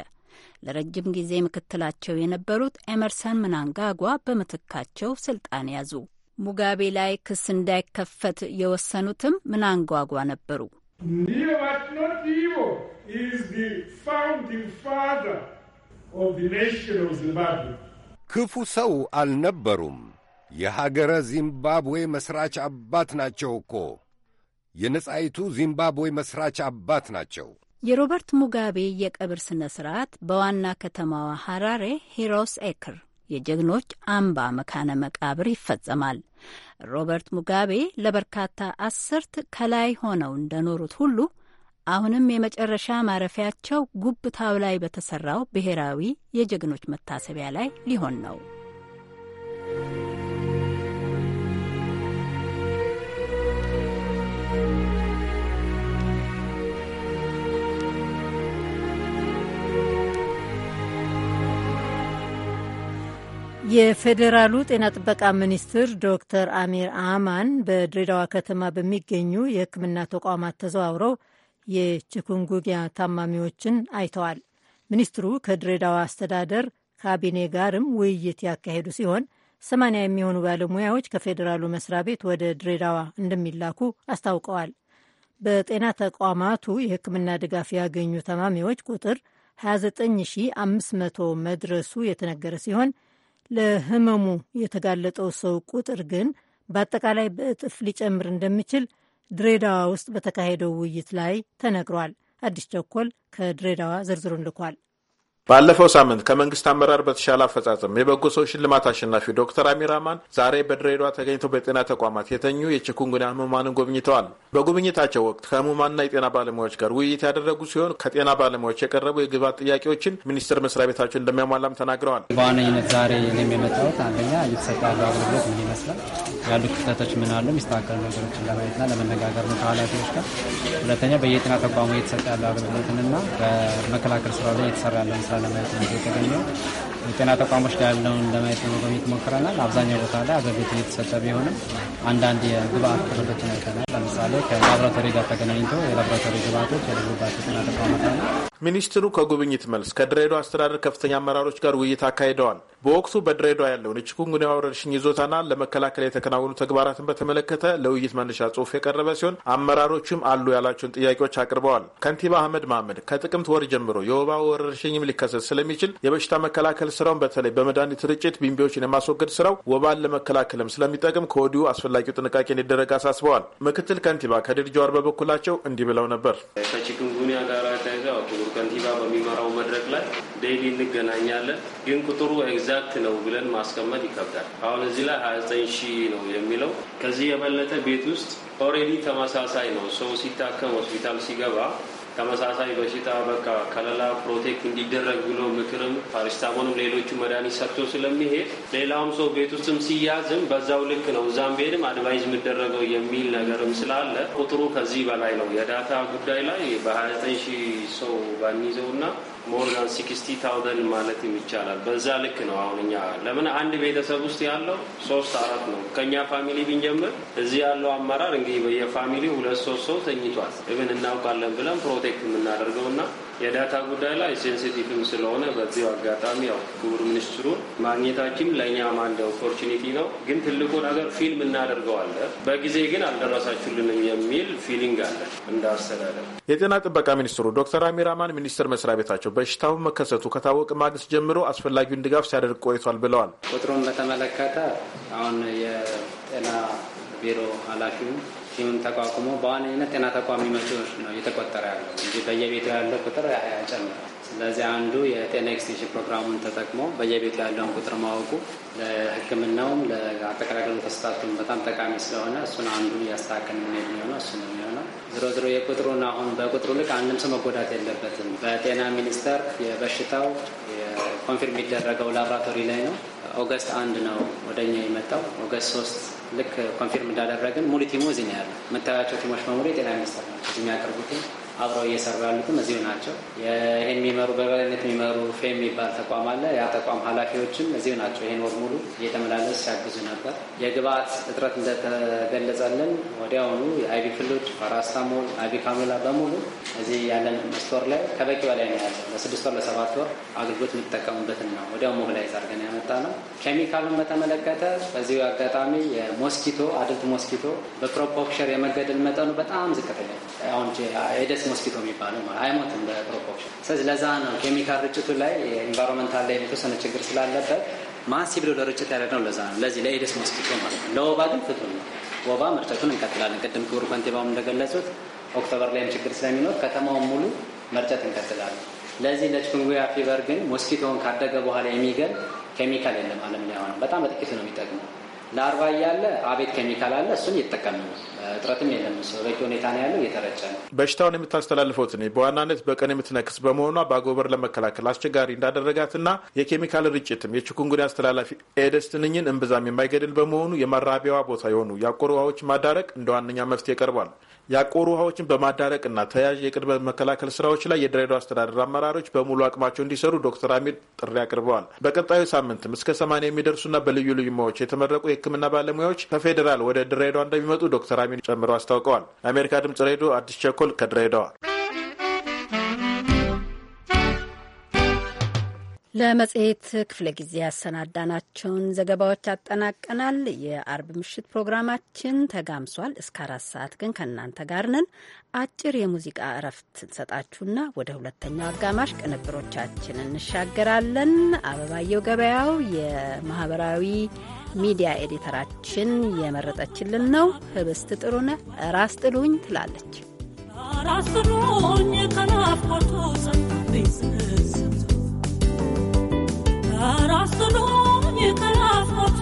[SPEAKER 1] ለረጅም ጊዜ ምክትላቸው የነበሩት ኤመርሰን ምናንጋጓ በምትካቸው ስልጣን ያዙ። ሙጋቤ ላይ ክስ እንዳይከፈት የወሰኑትም ምናንጓጓ ነበሩ።
[SPEAKER 6] ክፉ ሰው አልነበሩም። የሀገረ ዚምባብዌ መሥራች አባት ናቸው እኮ የነጻይቱ ዚምባብዌ መስራች አባት ናቸው።
[SPEAKER 1] የሮበርት ሙጋቤ የቀብር ሥነ ሥርዓት በዋና ከተማዋ ሐራሬ ሂሮስ ኤክር የጀግኖች አምባ መካነ መቃብር ይፈጸማል። ሮበርት ሙጋቤ ለበርካታ አስርት ከላይ ሆነው እንደኖሩት ሁሉ አሁንም የመጨረሻ ማረፊያቸው ጉብታው ላይ በተሰራው ብሔራዊ የጀግኖች መታሰቢያ ላይ ሊሆን ነው።
[SPEAKER 2] የፌዴራሉ ጤና ጥበቃ ሚኒስትር ዶክተር አሚር አማን በድሬዳዋ ከተማ በሚገኙ የሕክምና ተቋማት ተዘዋውረው የችኩንጉጊያ ታማሚዎችን አይተዋል። ሚኒስትሩ ከድሬዳዋ አስተዳደር ካቢኔ ጋርም ውይይት ያካሄዱ ሲሆን ሰማንያ የሚሆኑ ባለሙያዎች ከፌዴራሉ መስሪያ ቤት ወደ ድሬዳዋ እንደሚላኩ አስታውቀዋል። በጤና ተቋማቱ የሕክምና ድጋፍ ያገኙ ታማሚዎች ቁጥር 29500 መድረሱ የተነገረ ሲሆን ለህመሙ የተጋለጠው ሰው ቁጥር ግን በአጠቃላይ በእጥፍ ሊጨምር እንደሚችል ድሬዳዋ ውስጥ በተካሄደው ውይይት ላይ ተነግሯል። አዲስ ቸኮል ከድሬዳዋ ዝርዝሩን
[SPEAKER 1] ልኳል።
[SPEAKER 10] ባለፈው ሳምንት ከመንግስት አመራር በተሻለ አፈጻጸም የበጎ ሰው ሽልማት አሸናፊ ዶክተር አሚር አማን ዛሬ በድሬዳዋ ተገኝተው በጤና ተቋማት የተኙ የቺኩንጉንያ ህሙማንን ጎብኝተዋል። በጉብኝታቸው ወቅት ከህሙማንና የጤና ባለሙያዎች ጋር ውይይት ያደረጉ ሲሆን ከጤና ባለሙያዎች የቀረቡ የግብዓት ጥያቄዎችን ሚኒስቴር መስሪያ ቤታቸው እንደሚያሟላም ተናግረዋል።
[SPEAKER 11] በዋነኝነት ዛሬ የመጣሁት አንደኛ እየተሰጠ ያለው አገልግሎት ምን ይመስላል፣ ያሉ ክፍተቶች ምን አሉ፣ የሚስተካከሉ ነገሮችን ለማየትና ለመነጋገር ነው ከኃላፊዎች ጋር። ሁለተኛ በየጤና ተቋሙ እየተሰጠ ያለው አገልግሎትንና በመከላከል ስራ ላይ እየተሰራ ያለው ለማየት ነው የተገኘው። የጤና ተቋሞች ላይ ያለውን ለማየት ለመጎብኘት ሞክረናል። አብዛኛው ቦታ ላይ አገልግሎት እየተሰጠ ቢሆንም አንዳንድ የግብአት ክፍሎችን አይተናል። ለምሳሌ ከላብራቶሪ ጋር ተገናኝቶ የላብራቶሪ ግብአቶች የደቡባቸው ጤና ተቋማት ነው።
[SPEAKER 10] ሚኒስትሩ ከጉብኝት መልስ ከድሬዳዋ አስተዳደር ከፍተኛ አመራሮች ጋር ውይይት አካሂደዋል። በወቅቱ በድሬዳዋ ያለውን የቺኩንጉንያ ወረርሽኝ ይዞታና ለመከላከል የተከናወኑ ተግባራትን በተመለከተ ለውይይት መነሻ ጽሁፍ የቀረበ ሲሆን አመራሮችም አሉ ያላቸውን ጥያቄዎች አቅርበዋል። ከንቲባ አህመድ መሐመድ ከጥቅምት ወር ጀምሮ የወባ ወረርሽኝም ሊከሰት ስለሚችል የበሽታ መከላከል ስራውን በተለይ በመድኃኒት ርጭት ቢንቢዎችን የማስወገድ ስራው ወባን ለመከላከልም ስለሚጠቅም ከወዲሁ አስፈላጊው ጥንቃቄ እንዲደረግ አሳስበዋል። ምክትል ከንቲባ ከድር ጀዋር በበኩላቸው እንዲህ ብለው ነበር
[SPEAKER 12] ከቺኩንጉንያ ጋር ተያይዘ ከንቲባ በሚመራው መድረክ ላይ ዴይሊ እንገናኛለን። ግን ቁጥሩ ኤግዛክት ነው ብለን ማስቀመጥ ይከብዳል። አሁን እዚህ ላይ 29 ሺህ ነው የሚለው ከዚህ የበለጠ ቤት ውስጥ ኦሬዲ ተመሳሳይ ነው። ሰው ሲታከም ሆስፒታል ሲገባ ተመሳሳይ በሽታ በቃ ከለላ ፕሮቴክት እንዲደረግ ብሎ ምክርም ፓሪስታሞንም ሌሎቹ መድኃኒት ሰጥቶ ስለሚሄድ ሌላውም ሰው ቤት ውስጥም ሲያዝም በዛው ልክ ነው እዛም ቤድም አድቫይዝ የምደረገው የሚል ነገርም ስላለ ቁጥሩ ከዚህ በላይ ነው። የዳታ ጉዳይ ላይ በ29 ሺህ ሰው ባንይዘውና ሞርጋን ሲክስቲ ታውዘን ማለትም ይቻላል። በዛ ልክ ነው። አሁን እኛ ለምን አንድ ቤተሰብ ውስጥ ያለው ሶስት አራት ነው። ከእኛ ፋሚሊ ብንጀምር እዚህ ያለው አመራር እንግዲህ በየፋሚሊ ሁለት ሶስት ሰው ተኝቷል። እብን እናውቃለን ብለን ፕሮቴክት የምናደርገውና የዳታ ጉዳይ ላይ ሴንሲቲቭም ስለሆነ በዚሁ አጋጣሚ ያው ክቡር ሚኒስትሩን ማግኘታችን ለእኛም አንድ ኦፖርቹኒቲ ነው። ግን ትልቁ ነገር ፊልም እናደርገዋለን፣ በጊዜ ግን አልደረሳችሁልንም የሚል ፊሊንግ አለ እንዳስተዳደር።
[SPEAKER 10] የጤና ጥበቃ ሚኒስትሩ ዶክተር አሚር አማን ሚኒስቴር መስሪያ ቤታቸው በሽታው መከሰቱ ከታወቀ ማግስት ጀምሮ አስፈላጊውን ድጋፍ ሲያደርግ ቆይቷል ብለዋል።
[SPEAKER 12] ቁጥሩን በተመለከተ
[SPEAKER 11] አሁን የጤና ቢሮ ኃላፊውም ቲሙም ተቋቁሞ በዋነኝነት ጤና ተቋም የሚመጡ ነው እየተቆጠረ ያለው እንጂ በየቤቱ ያለው ቁጥር ያጨምራል። ስለዚህ አንዱ የጤና ኤክስቴንሽን ፕሮግራሙን ተጠቅሞ በየቤቱ ያለውን ቁጥር ማወቁ ለሕክምናውም ለአጠቃላይ አገልግሎት አሰጣጡም በጣም ጠቃሚ ስለሆነ እሱን አንዱ እያስተካከል የምንሄድ የሚሆነው እሱ ነው የሚሆነው። ዝሮ ዝሮ የቁጥሩን አሁን በቁጥሩ ልክ አንድም ሰው መጎዳት የለበትም። በጤና ሚኒስቴር የበሽታው ኮንፊርም የሚደረገው ላብራቶሪ ላይ ነው። ኦገስት አንድ ነው ወደኛ የመጣው ኦገስት ሶስት ልክ ኮንፊርም እንዳደረግን ሙሉ ቲሙ እዚህ ነው ያለው። የምታያቸው ቲሞች በሙሉ የጤና ሚኒስቴር ናቸው የሚያቀርቡት አብረው እየሰሩ ያሉትም እዚሁ ናቸው። ይህን የሚመሩ በበላይነት የሚመሩ ፌ የሚባል ተቋም አለ። ያ ተቋም ኃላፊዎችም እዚሁ ናቸው። ይህን ወር ሙሉ እየተመላለስ ሲያግዙ ነበር። የግብአት እጥረት እንደተገለጸልን ወዲያውኑ የአይቪ ፍሎች፣ ፓራስታሞል፣ አይቪ ካሜላ በሙሉ እዚህ ያለን ስቶር ላይ ከበቂ በላይ ነው ያለ ለስድስት ወር ለሰባት ወር አገልግሎት የሚጠቀሙበትን ነው ወዲያው ሞቢላይዝ አድርገን ያመጣ ነው። ኬሚካሉን በተመለከተ በዚሁ አጋጣሚ የሞስኪቶ አድልት ሞስኪቶ በፕሮፖክሸር የመገደል መጠኑ በጣም ዝቅተኛ አሁን ሞስኪቶ የሚባለው ማለት አይሞትም በፕሮፖርሽን። ስለዚህ ለዛ ነው ኬሚካል ርጭቱ ላይ ኤንቫይሮንመንታል ላይ የተወሰነ ችግር ስላለበት ማሲብ ብሎ ለርጭት ያደረግነው ለዛ ነው፣ ለዚህ ለኤደስ ሞስኪቶ ማለት ነው። ለወባ ግን ፍቱን ነው። ወባ መርጨቱን እንቀጥላለን። ቅድም ክቡር ከንቲባውም እንደገለጹት ኦክቶበር ላይም ችግር ስለሚኖር ከተማውን ሙሉ መርጨት እንቀጥላለን። ለዚህ ለቺኩንጉያ ፊቨር ግን ሞስኪቶውን ካደገ በኋላ የሚገል ኬሚካል የለም ዓለም ላይ ሆነ በጣም በጥቂቱ ነው የሚጠቅመው ለአርባ እያለ አቤት ኬሚካል አለ። እሱን እየተጠቀም ነው። እጥረትም የለም። በቂ ሁኔታ ነው ያለው። እየተረጨ ነው።
[SPEAKER 10] በሽታውን የምታስተላልፈው ትንኝ በዋናነት በቀን የምትነክስ በመሆኗ በአጎበር ለመከላከል አስቸጋሪ እንዳደረጋትና የኬሚካል ርጭትም የቺኩንጉንያ አስተላላፊ ኤደስ ትንኝን እምብዛም የማይገድል በመሆኑ የመራቢያዋ ቦታ የሆኑ የአቆር ውሃዎች ማዳረቅ እንደ ዋነኛ መፍትሄ ቀርቧል። የአቆሩ ውሃዎችን በማዳረቅና ተያዥ የቅድመ መከላከል ስራዎች ላይ የድሬዳዋ አስተዳደር አመራሮች በሙሉ አቅማቸው እንዲሰሩ ዶክተር አሚድ ጥሪ አቅርበዋል። በቀጣዩ ሳምንትም እስከ ሰማንያ የሚደርሱና በልዩ ልዩ ሙያዎች የተመረቁ የሕክምና ባለሙያዎች ከፌዴራል ወደ ድሬዳዋ እንደሚመጡ ዶክተር አሚድ ጨምረው አስታውቀዋል። የአሜሪካ ድምጽ ሬዲዮ አዲስ ቸኮል ከድሬዳዋ
[SPEAKER 1] ለመጽሔት ክፍለ ጊዜ ያሰናዳናቸውን ዘገባዎች ያጠናቀናል። የአርብ ምሽት ፕሮግራማችን ተጋምሷል። እስከ አራት ሰዓት ግን ከእናንተ ጋር ነን። አጭር የሙዚቃ እረፍት እንሰጣችሁና ወደ ሁለተኛው አጋማሽ ቅንብሮቻችን እንሻገራለን። አበባየው ገበያው የማህበራዊ ሚዲያ ኤዲተራችን የመረጠችልን ነው። ህብስት ጥሩነ ራስ ጥሉኝ ትላለች።
[SPEAKER 13] ራስ ጥሉኝ ራስኖ የተላፋቱ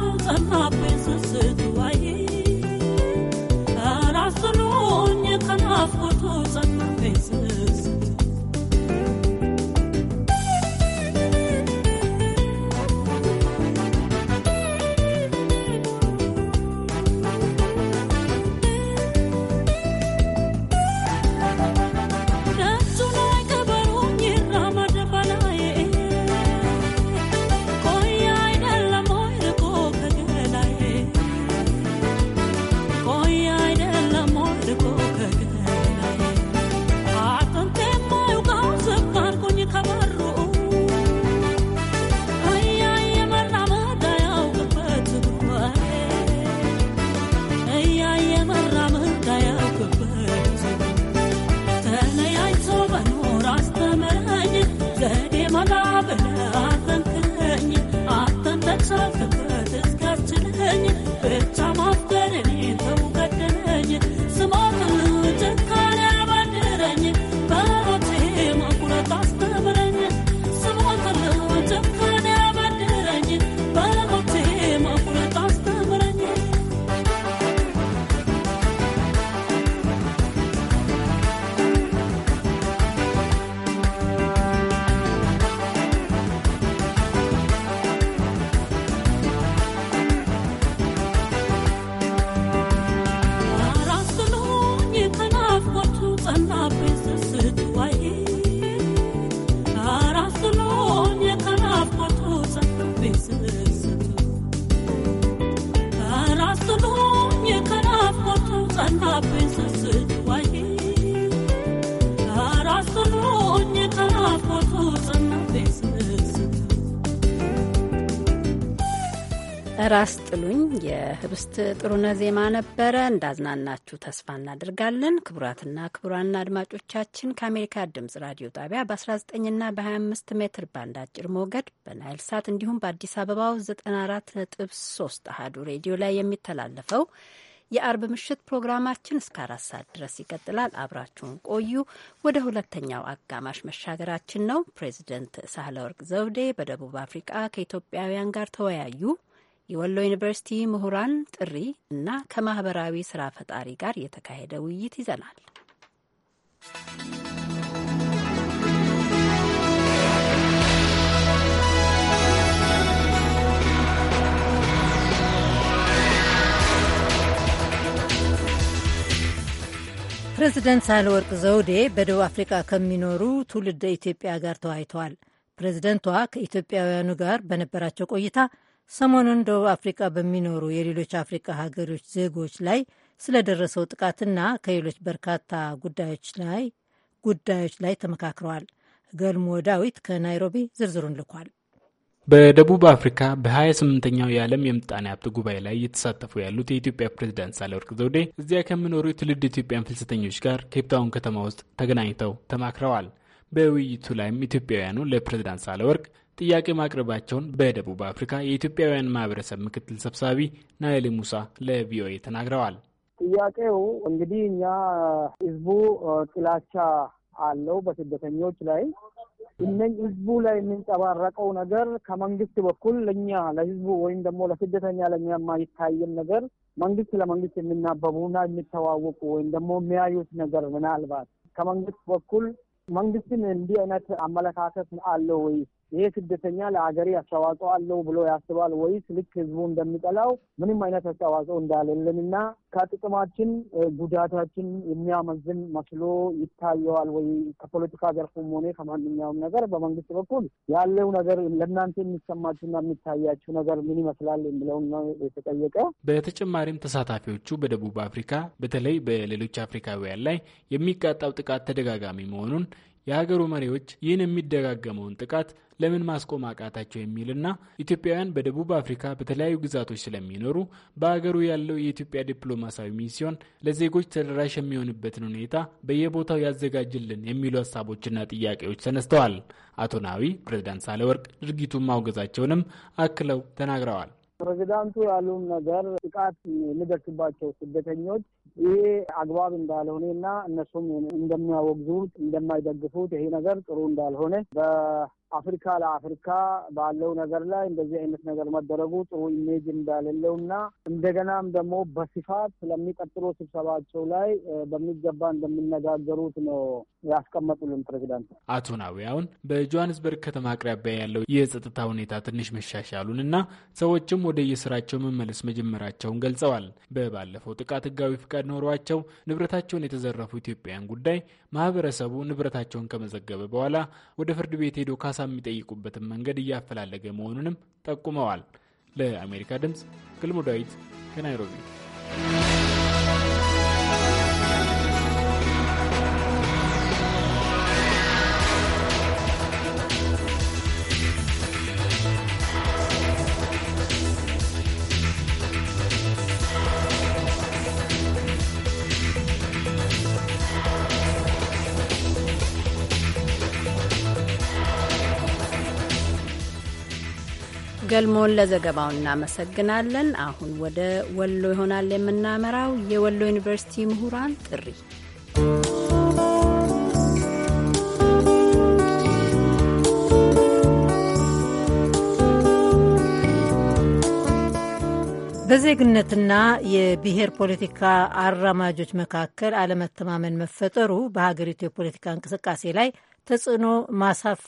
[SPEAKER 1] ራስ ጥሉኝ የህብስት ጥሩነ ዜማ ነበረ። እንዳዝናናችሁ ተስፋ እናደርጋለን። ክቡራትና ክቡራን አድማጮቻችን ከአሜሪካ ድምጽ ራዲዮ ጣቢያ በ19ና በ25 ሜትር ባንድ አጭር ሞገድ በናይል ሳት እንዲሁም በአዲስ አበባው 94.3 አህዱ ሬዲዮ ላይ የሚተላለፈው የአርብ ምሽት ፕሮግራማችን እስከ አራት ሰዓት ድረስ ይቀጥላል። አብራችሁን ቆዩ። ወደ ሁለተኛው አጋማሽ መሻገራችን ነው። ፕሬዚደንት ሳህለወርቅ ዘውዴ በደቡብ አፍሪቃ ከኢትዮጵያውያን ጋር ተወያዩ። የወሎ ዩኒቨርሲቲ ምሁራን ጥሪ እና ከማህበራዊ ስራ ፈጣሪ ጋር የተካሄደ ውይይት ይዘናል።
[SPEAKER 2] ፕሬዚደንት ሳህለወርቅ ዘውዴ በደቡብ አፍሪካ ከሚኖሩ ትውልደ ኢትዮጵያ ጋር ተወያይተዋል። ፕሬዚደንቷ ከኢትዮጵያውያኑ ጋር በነበራቸው ቆይታ ሰሞኑን ደቡብ አፍሪካ በሚኖሩ የሌሎች አፍሪካ ሀገሮች ዜጎች ላይ ስለደረሰው ጥቃትና ከሌሎች በርካታ ጉዳዮች ላይ ጉዳዮች ላይ ተመካክረዋል። ገልሞ ዳዊት ከናይሮቢ ዝርዝሩን ልኳል።
[SPEAKER 14] በደቡብ አፍሪካ በ28ኛው የዓለም የምጣኔ ሀብት ጉባኤ ላይ እየተሳተፉ ያሉት የኢትዮጵያ ፕሬዝዳንት ሳህለወርቅ ዘውዴ እዚያ ከሚኖሩ የትውልድ ኢትዮጵያን ፍልሰተኞች ጋር ኬፕታውን ከተማ ውስጥ ተገናኝተው ተማክረዋል። በውይይቱ ላይም ኢትዮጵያውያኑ ለፕሬዝዳንት ሳህለወርቅ ጥያቄ ማቅረባቸውን በደቡብ አፍሪካ የኢትዮጵያውያን ማህበረሰብ ምክትል ሰብሳቢ ናይል ሙሳ ለቪኦኤ ተናግረዋል።
[SPEAKER 7] ጥያቄው እንግዲህ እኛ ህዝቡ ጥላቻ አለው በስደተኞች ላይ እነኝ ህዝቡ ላይ የሚንጸባረቀው ነገር ከመንግስት በኩል ለእኛ ለህዝቡ ወይም ደግሞ ለስደተኛ ለእኛ የማይታየን ነገር መንግስት ለመንግስት የሚናበቡና የሚተዋወቁ ወይም ደግሞ የሚያዩት ነገር ምናልባት ከመንግስት በኩል መንግስትን እንዲህ አይነት አመለካከት አለው ወይ ይሄ ስደተኛ ለሀገሬ አስተዋጽኦ አለው ብሎ ያስባል ወይስ ልክ ህዝቡ እንደሚጠላው ምንም አይነት አስተዋጽኦ እና ከጥቅማችን ጉዳታችን የሚያመዝን መስሎ ይታየዋል ወይ? ከፖለቲካ ዘርፉም ሆነ ከማንኛውም ነገር በመንግስት በኩል ያለው ነገር ለእናንተ የሚሰማችሁና የሚታያችሁ ነገር ምን ይመስላል ብለው ነው የተጠየቀ።
[SPEAKER 14] በተጨማሪም ተሳታፊዎቹ በደቡብ አፍሪካ በተለይ በሌሎች አፍሪካውያን ላይ የሚቃጣው ጥቃት ተደጋጋሚ መሆኑን የሀገሩ መሪዎች ይህን የሚደጋገመውን ጥቃት ለምን ማስቆም አቃታቸው የሚልና ኢትዮጵያውያን በደቡብ አፍሪካ በተለያዩ ግዛቶች ስለሚኖሩ በአገሩ ያለው የኢትዮጵያ ዲፕሎማሲያዊ ሚስዮን ለዜጎች ተደራሽ የሚሆንበትን ሁኔታ በየቦታው ያዘጋጅልን የሚሉ ሀሳቦችና ጥያቄዎች ተነስተዋል። አቶ ናዊ ፕሬዝዳንት ሳለወርቅ ድርጊቱን ማውገዛቸውንም አክለው ተናግረዋል።
[SPEAKER 7] ፕሬዚዳንቱ ያሉም ነገር ጥቃት የሚደርስባቸው ስደተኞች ይሄ አግባብ እንዳልሆነ እና እነሱም እንደሚያወግዙት እንደማይደግፉት ይሄ ነገር ጥሩ እንዳልሆነ አፍሪካ ለአፍሪካ ባለው ነገር ላይ እንደዚህ አይነት ነገር መደረጉ ጥሩ ኢሜጅ እንዳሌለው እና እንደገናም ደግሞ በስፋት ስለሚቀጥሉ ስብሰባቸው ላይ በሚገባ እንደሚነጋገሩት ነው ያስቀመጡልን ፕሬዚዳንት
[SPEAKER 14] አቶ አሁን በጆሃንስበርግ ከተማ አቅራቢያ ያለው የጸጥታ ሁኔታ ትንሽ መሻሻሉን እና ሰዎችም ወደ የስራቸው መመለስ መጀመራቸውን ገልጸዋል። በባለፈው ጥቃት ህጋዊ ፍቃድ ኖሯቸው ንብረታቸውን የተዘረፉ ኢትዮጵያውያን ጉዳይ ማህበረሰቡ ንብረታቸውን ከመዘገበ በኋላ ወደ ፍርድ ቤት ሄዶ ካሳ የሚጠይቁበትን መንገድ እያፈላለገ መሆኑንም ጠቁመዋል። ለአሜሪካ ድምፅ ገልሞ ዳዊት ከናይሮቢ
[SPEAKER 1] ገልሞን ለዘገባው እናመሰግናለን። አሁን ወደ ወሎ ይሆናል የምናመራው። የወሎ ዩኒቨርሲቲ ምሁራን ጥሪ
[SPEAKER 2] በዜግነትና የብሔር ፖለቲካ አራማጆች መካከል አለመተማመን መፈጠሩ በሀገሪቱ የፖለቲካ እንቅስቃሴ ላይ ተጽዕኖ ማሳፍ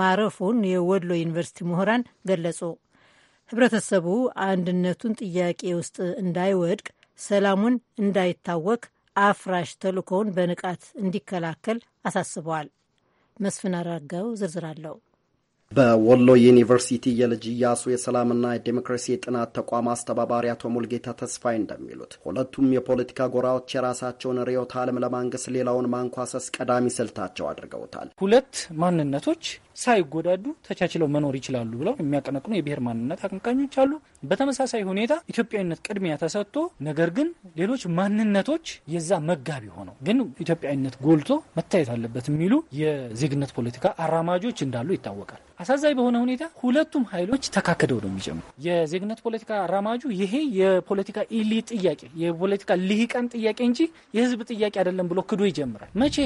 [SPEAKER 2] ማረፉን የወሎ ዩኒቨርሲቲ ምሁራን ገለጹ። ህብረተሰቡ አንድነቱን ጥያቄ ውስጥ እንዳይወድቅ፣ ሰላሙን እንዳይታወክ፣ አፍራሽ ተልእኮውን በንቃት እንዲከላከል አሳስበዋል። መስፍን አራጋው ዝርዝር አለው።
[SPEAKER 15] በወሎ ዩኒቨርሲቲ የልጅ እያሱ የሰላምና የዴሞክራሲ የጥናት ተቋም አስተባባሪ አቶ ሙልጌታ ተስፋይ እንደሚሉት ሁለቱም የፖለቲካ ጎራዎች የራሳቸውን ርዕዮተ ዓለም ለማንገስ ሌላውን ማንኳሰስ ቀዳሚ ስልታቸው አድርገውታል።
[SPEAKER 3] ሁለት ማንነቶች ሳይጎዳዱ ተቻችለው መኖር ይችላሉ ብለው የሚያቀነቅኑ የብሔር ማንነት አቀንቃኞች አሉ። በተመሳሳይ ሁኔታ ኢትዮጵያዊነት ቅድሚያ ተሰጥቶ፣ ነገር ግን ሌሎች ማንነቶች የዛ መጋቢ ሆነው ግን ኢትዮጵያዊነት ጎልቶ መታየት አለበት የሚሉ የዜግነት ፖለቲካ አራማጆች እንዳሉ ይታወቃል። አሳዛኝ በሆነ ሁኔታ ሁለቱም ኃይሎች ተካክደው ነው የሚጀምሩ። የዜግነት ፖለቲካ አራማጁ ይሄ የፖለቲካ ኢሊት ጥያቄ፣ የፖለቲካ ልሂቃን ጥያቄ እንጂ የህዝብ ጥያቄ አይደለም ብሎ ክዶ ይጀምራል። መቼ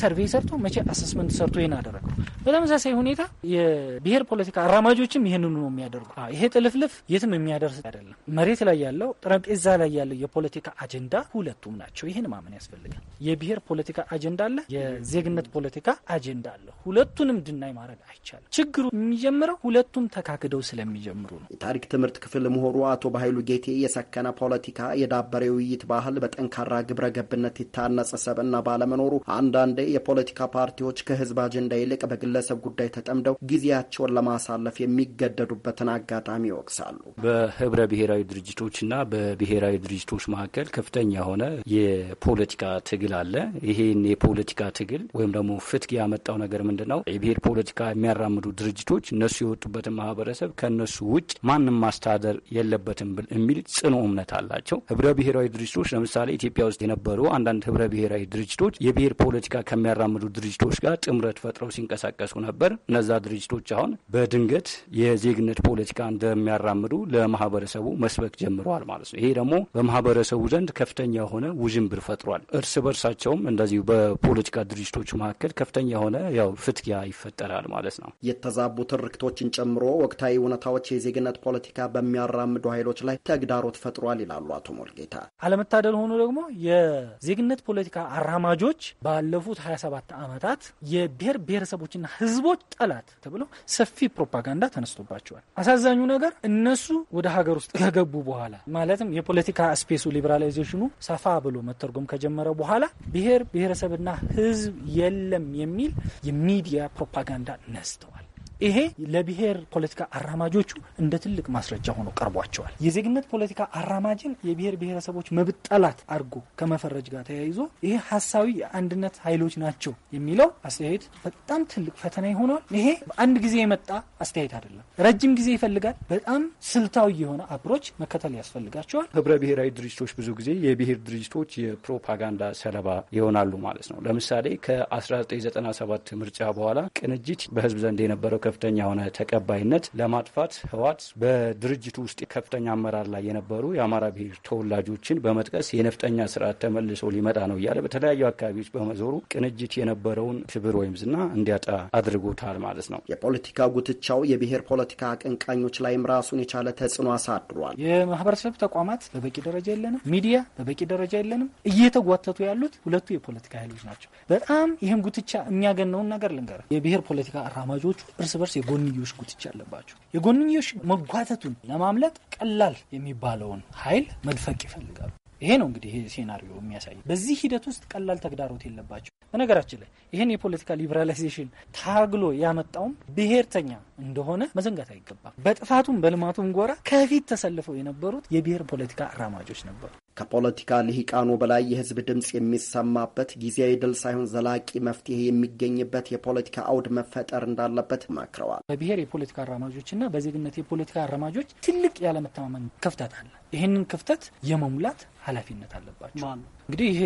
[SPEAKER 3] ሰርቬይ ሰርቶ መቼ አሰስመንት ሰርቶ ይህን አደረገው። በተመሳሳይ ሁኔታ የብሔር ፖለቲካ አራማጆችም ይህንኑ ነው የሚያደርጉ። ይሄ ጥልፍልፍ የትም የሚያደርስ አይደለም። መሬት ላይ ያለው ጠረጴዛ ላይ ያለው የፖለቲካ አጀንዳ ሁለቱም ናቸው። ይህን ማመን ያስፈልጋል። የብሔር ፖለቲካ አጀንዳ አለ፣ የዜግነት ፖለቲካ አጀንዳ አለ። ሁለቱንም ድናይ ማድረግ አይቻልም። ችግሩ የሚጀምረው ሁለቱም ተካክደው ስለሚጀምሩ ነው። የታሪክ ትምህርት ክፍል ምሁሩ አቶ
[SPEAKER 15] በኃይሉ ጌቴ የሰከነ ፖለቲካ፣ የዳበረ ውይይት ባህል፣ በጠንካራ ግብረ ገብነት የታነጸ ሰብዕና ባለመኖሩ አንዳንዴ የፖለቲካ ፓርቲዎች ከህዝብ አጀንዳ ይልቅ በግለሰብ ጉዳይ ተጠምደው ጊዜያቸውን ለማሳለፍ የሚገደዱበትን አጋጣሚ ይወቅሳሉ።
[SPEAKER 16] በህብረ ብሔራዊ ድርጅቶችና በብሔራዊ ድርጅቶች መካከል ከፍተኛ የሆነ የፖለቲካ ትግል አለ። ይሄን የፖለቲካ ትግል ወይም ደግሞ ፍትግ ያመጣው ነገር ምንድን ነው? የብሔር ፖለቲካ የሚያራምዱ ድርጅቶች እነሱ የወጡበትን ማህበረሰብ ከእነሱ ውጭ ማንም ማስተዳደር የለበትም የሚል ጽኑ እምነት አላቸው። ህብረ ብሔራዊ ድርጅቶች ለምሳሌ ኢትዮጵያ ውስጥ የነበሩ አንዳንድ ህብረ ብሔራዊ ድርጅቶች የብሔር ፖለቲካ ከሚያራምዱ ድርጅቶች ጋር ጥምረት ፈጥረው ሲንቀሳቀሱ ነበር። እነዛ ድርጅቶች አሁን በድንገት የዜግነት ፖለቲካ እንደሚያራምዱ ለማህበረሰቡ መስበክ ጀምረዋል ማለት ነው። ይሄ ደግሞ በማህበረሰቡ ዘንድ ከፍተኛ የሆነ ውዥንብር ፈጥሯል። እርስ በርሳቸውም እንደዚሁ በፖለቲካ ድርጅቶች መካከል ከፍተኛ የሆነ ያው ፍትጊያ ይፈጠራል ማለት ነው።
[SPEAKER 15] የተዛቡ ትርክቶችን ጨምሮ ወቅታዊ እውነታዎች የዜግነት ፖለቲካ በሚያራምዱ ኃይሎች ላይ ተግዳሮት ፈጥሯል ይላሉ አቶ ሞልጌታ።
[SPEAKER 3] አለመታደል ሆኖ ደግሞ የዜግነት ፖለቲካ አራማጆች ባለፉት 27 ዓመታት የብሔር ብሔረሰቦችና ህዝቦች ጠላት ተብለው ሰፊ ፕሮፓጋንዳ ተነስቶባቸዋል። አሳዛኙ ነገር እነሱ ወደ ሀገር ውስጥ ከገቡ በኋላ ማለትም የፖለቲካ ስፔሱ ሊበራላይዜሽኑ ሰፋ ብሎ መተርጎም ከጀመረ በኋላ ብሔር ብሔረሰብና ህዝብ የለም የሚል የሚዲያ ፕሮፓጋንዳ ነስተዋል። ይሄ ለብሔር ፖለቲካ አራማጆቹ እንደ ትልቅ ማስረጃ ሆኖ ቀርቧቸዋል። የዜግነት ፖለቲካ አራማጅን የብሔር ብሔረሰቦች መብት ጠላት አድርጎ ከመፈረጅ ጋር ተያይዞ ይሄ ሀሳዊ የአንድነት ኃይሎች ናቸው የሚለው አስተያየት በጣም ትልቅ ፈተና ይሆናል። ይሄ በአንድ ጊዜ የመጣ አስተያየት አይደለም፣ ረጅም ጊዜ ይፈልጋል። በጣም ስልታዊ የሆነ አፕሮች መከተል ያስፈልጋቸዋል።
[SPEAKER 16] ህብረ ብሔራዊ ድርጅቶች ብዙ ጊዜ የብሔር ድርጅቶች የፕሮፓጋንዳ ሰለባ ይሆናሉ ማለት ነው። ለምሳሌ ከ1997 ምርጫ በኋላ ቅንጅት በህዝብ ዘንድ የነበረው ከፍተኛ የሆነ ተቀባይነት ለማጥፋት ህወሓት በድርጅቱ ውስጥ ከፍተኛ አመራር ላይ የነበሩ የአማራ ብሔር ተወላጆችን በመጥቀስ የነፍጠኛ ስርዓት ተመልሶ ሊመጣ ነው እያለ በተለያዩ አካባቢዎች በመዞሩ ቅንጅት የነበረውን ክብር ወይም ዝና እንዲያጣ አድርጎታል ማለት ነው።
[SPEAKER 15] የፖለቲካ ጉትቻው የብሔር ፖለቲካ አቀንቃኞች ላይም ራሱን የቻለ ተጽዕኖ አሳድሯል።
[SPEAKER 3] የማህበረሰብ ተቋማት በበቂ ደረጃ የለንም፣ ሚዲያ በበቂ ደረጃ የለንም። እየተጓተቱ ያሉት ሁለቱ የፖለቲካ ኃይሎች ናቸው። በጣም ይህም ጉትቻ የሚያገነውን ነገር ልንገር የብሔር ፖለቲካ አራማጆቹ እርስ በርስ የጎንዮሽ ጉትቻ አለባቸው። የጎንዮሽ መጓተቱን ለማምለጥ ቀላል የሚባለውን ኃይል መድፈቅ ይፈልጋሉ። ይሄ ነው እንግዲህ ይሄ ሴናሪዮ የሚያሳየው። በዚህ ሂደት ውስጥ ቀላል ተግዳሮት የለባቸው። በነገራችን ላይ ይህን የፖለቲካ ሊበራላይዜሽን ታግሎ ያመጣውም ብሔርተኛ እንደሆነ መዘንጋት አይገባም። በጥፋቱም በልማቱም ጎራ ከፊት ተሰልፈው የነበሩት የብሔር ፖለቲካ አራማጆች ነበሩ።
[SPEAKER 15] ከፖለቲካ ልሂቃኑ በላይ የህዝብ ድምፅ የሚሰማበት ጊዜያዊ ድል ሳይሆን ዘላቂ መፍትሄ የሚገኝበት የፖለቲካ አውድ መፈጠር እንዳለበት
[SPEAKER 3] መክረዋል። በብሔር የፖለቲካ አራማጆችና በዜግነት የፖለቲካ አራማጆች ትልቅ ያለመተማመን ክፍተት አለ። ይህንን ክፍተት የመሙላት ኃላፊነት አለባቸው። እንግዲህ ይሄ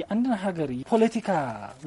[SPEAKER 3] የአንድን ሀገር ፖለቲካ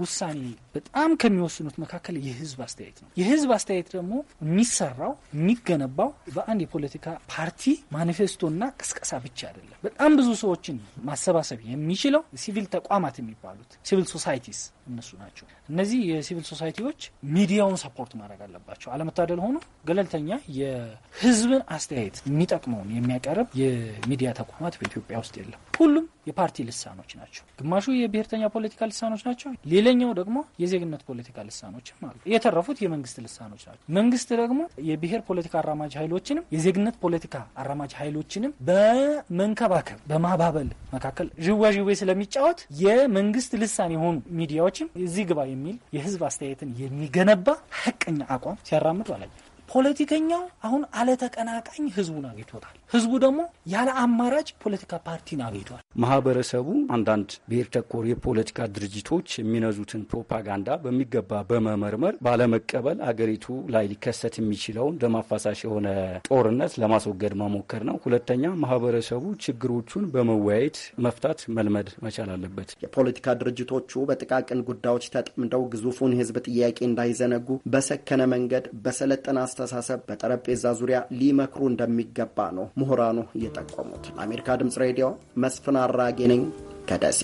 [SPEAKER 3] ውሳኔ በጣም ከሚወስኑት መካከል የህዝብ አስተያየት ነው። የህዝብ አስተያየት ደግሞ የሚሰራው የሚገነባው በአንድ የፖለቲካ ፓርቲ ማኒፌስቶና ቅስቀሳ ብቻ አይደለም። በጣም ብዙ ሰዎችን ማሰባሰብ የሚችለው ሲቪል ተቋማት የሚባሉት ሲቪል ሶሳይቲስ እነሱ ናቸው። እነዚህ የሲቪል ሶሳይቲዎች ሚዲያውን ሰፖርት ማድረግ አለባቸው። አለመታደል ሆኖ ገለልተኛ የህዝብን አስተያየት የሚጠቅመውን የሚያቀርብ የሚዲያ ተቋማት በኢትዮጵያ ውስጥ የለም። ሁሉም የፓርቲ ልሳኖች ናቸው። ግማሹ የብሔርተኛ ፖለቲካ ልሳኖች ናቸው። ሌላኛው ደግሞ የዜግነት ፖለቲካ ልሳኖችም አሉ። የተረፉት የመንግስት ልሳኖች ናቸው። መንግስት ደግሞ የብሔር ፖለቲካ አራማጅ ኃይሎችንም የዜግነት ፖለቲካ አራማጅ ኃይሎችንም በመንከባከብ በማባበል መካከል ዥዋዥዌ ስለሚጫወት የመንግስት ልሳን የሆኑ ሚዲያዎችም እዚህ ግባ የሚል የህዝብ አስተያየትን የሚገነባ ሀቀኛ አቋም ሲያራምዱ አላየ። ፖለቲከኛው አሁን አለተቀናቃኝ ህዝቡን አግኝቶታል። ህዝቡ ደግሞ ያለ አማራጭ ፖለቲካ ፓርቲን አግኝቷል።
[SPEAKER 16] ማህበረሰቡ አንዳንድ ብሔር ተኮር የፖለቲካ ድርጅቶች የሚነዙትን ፕሮፓጋንዳ በሚገባ በመመርመር ባለመቀበል አገሪቱ ላይ ሊከሰት የሚችለውን ደም አፋሳሽ የሆነ ጦርነት ለማስወገድ መሞከር ነው። ሁለተኛ ማህበረሰቡ ችግሮቹን በመወያየት መፍታት መልመድ መቻል አለበት። የፖለቲካ
[SPEAKER 15] ድርጅቶቹ በጥቃቅን ጉዳዮች ተጠምደው ግዙፉን ህዝብ ጥያቄ እንዳይዘነጉ በሰከነ መንገድ፣ በሰለጠነ አስተሳሰብ በጠረጴዛ ዙሪያ ሊመክሩ እንደሚገባ ነው ምሁራኑ እየጠቆሙት። ለአሜሪካ ድምፅ ሬዲዮ መስፍን አራጌ ነኝ ከደሴ።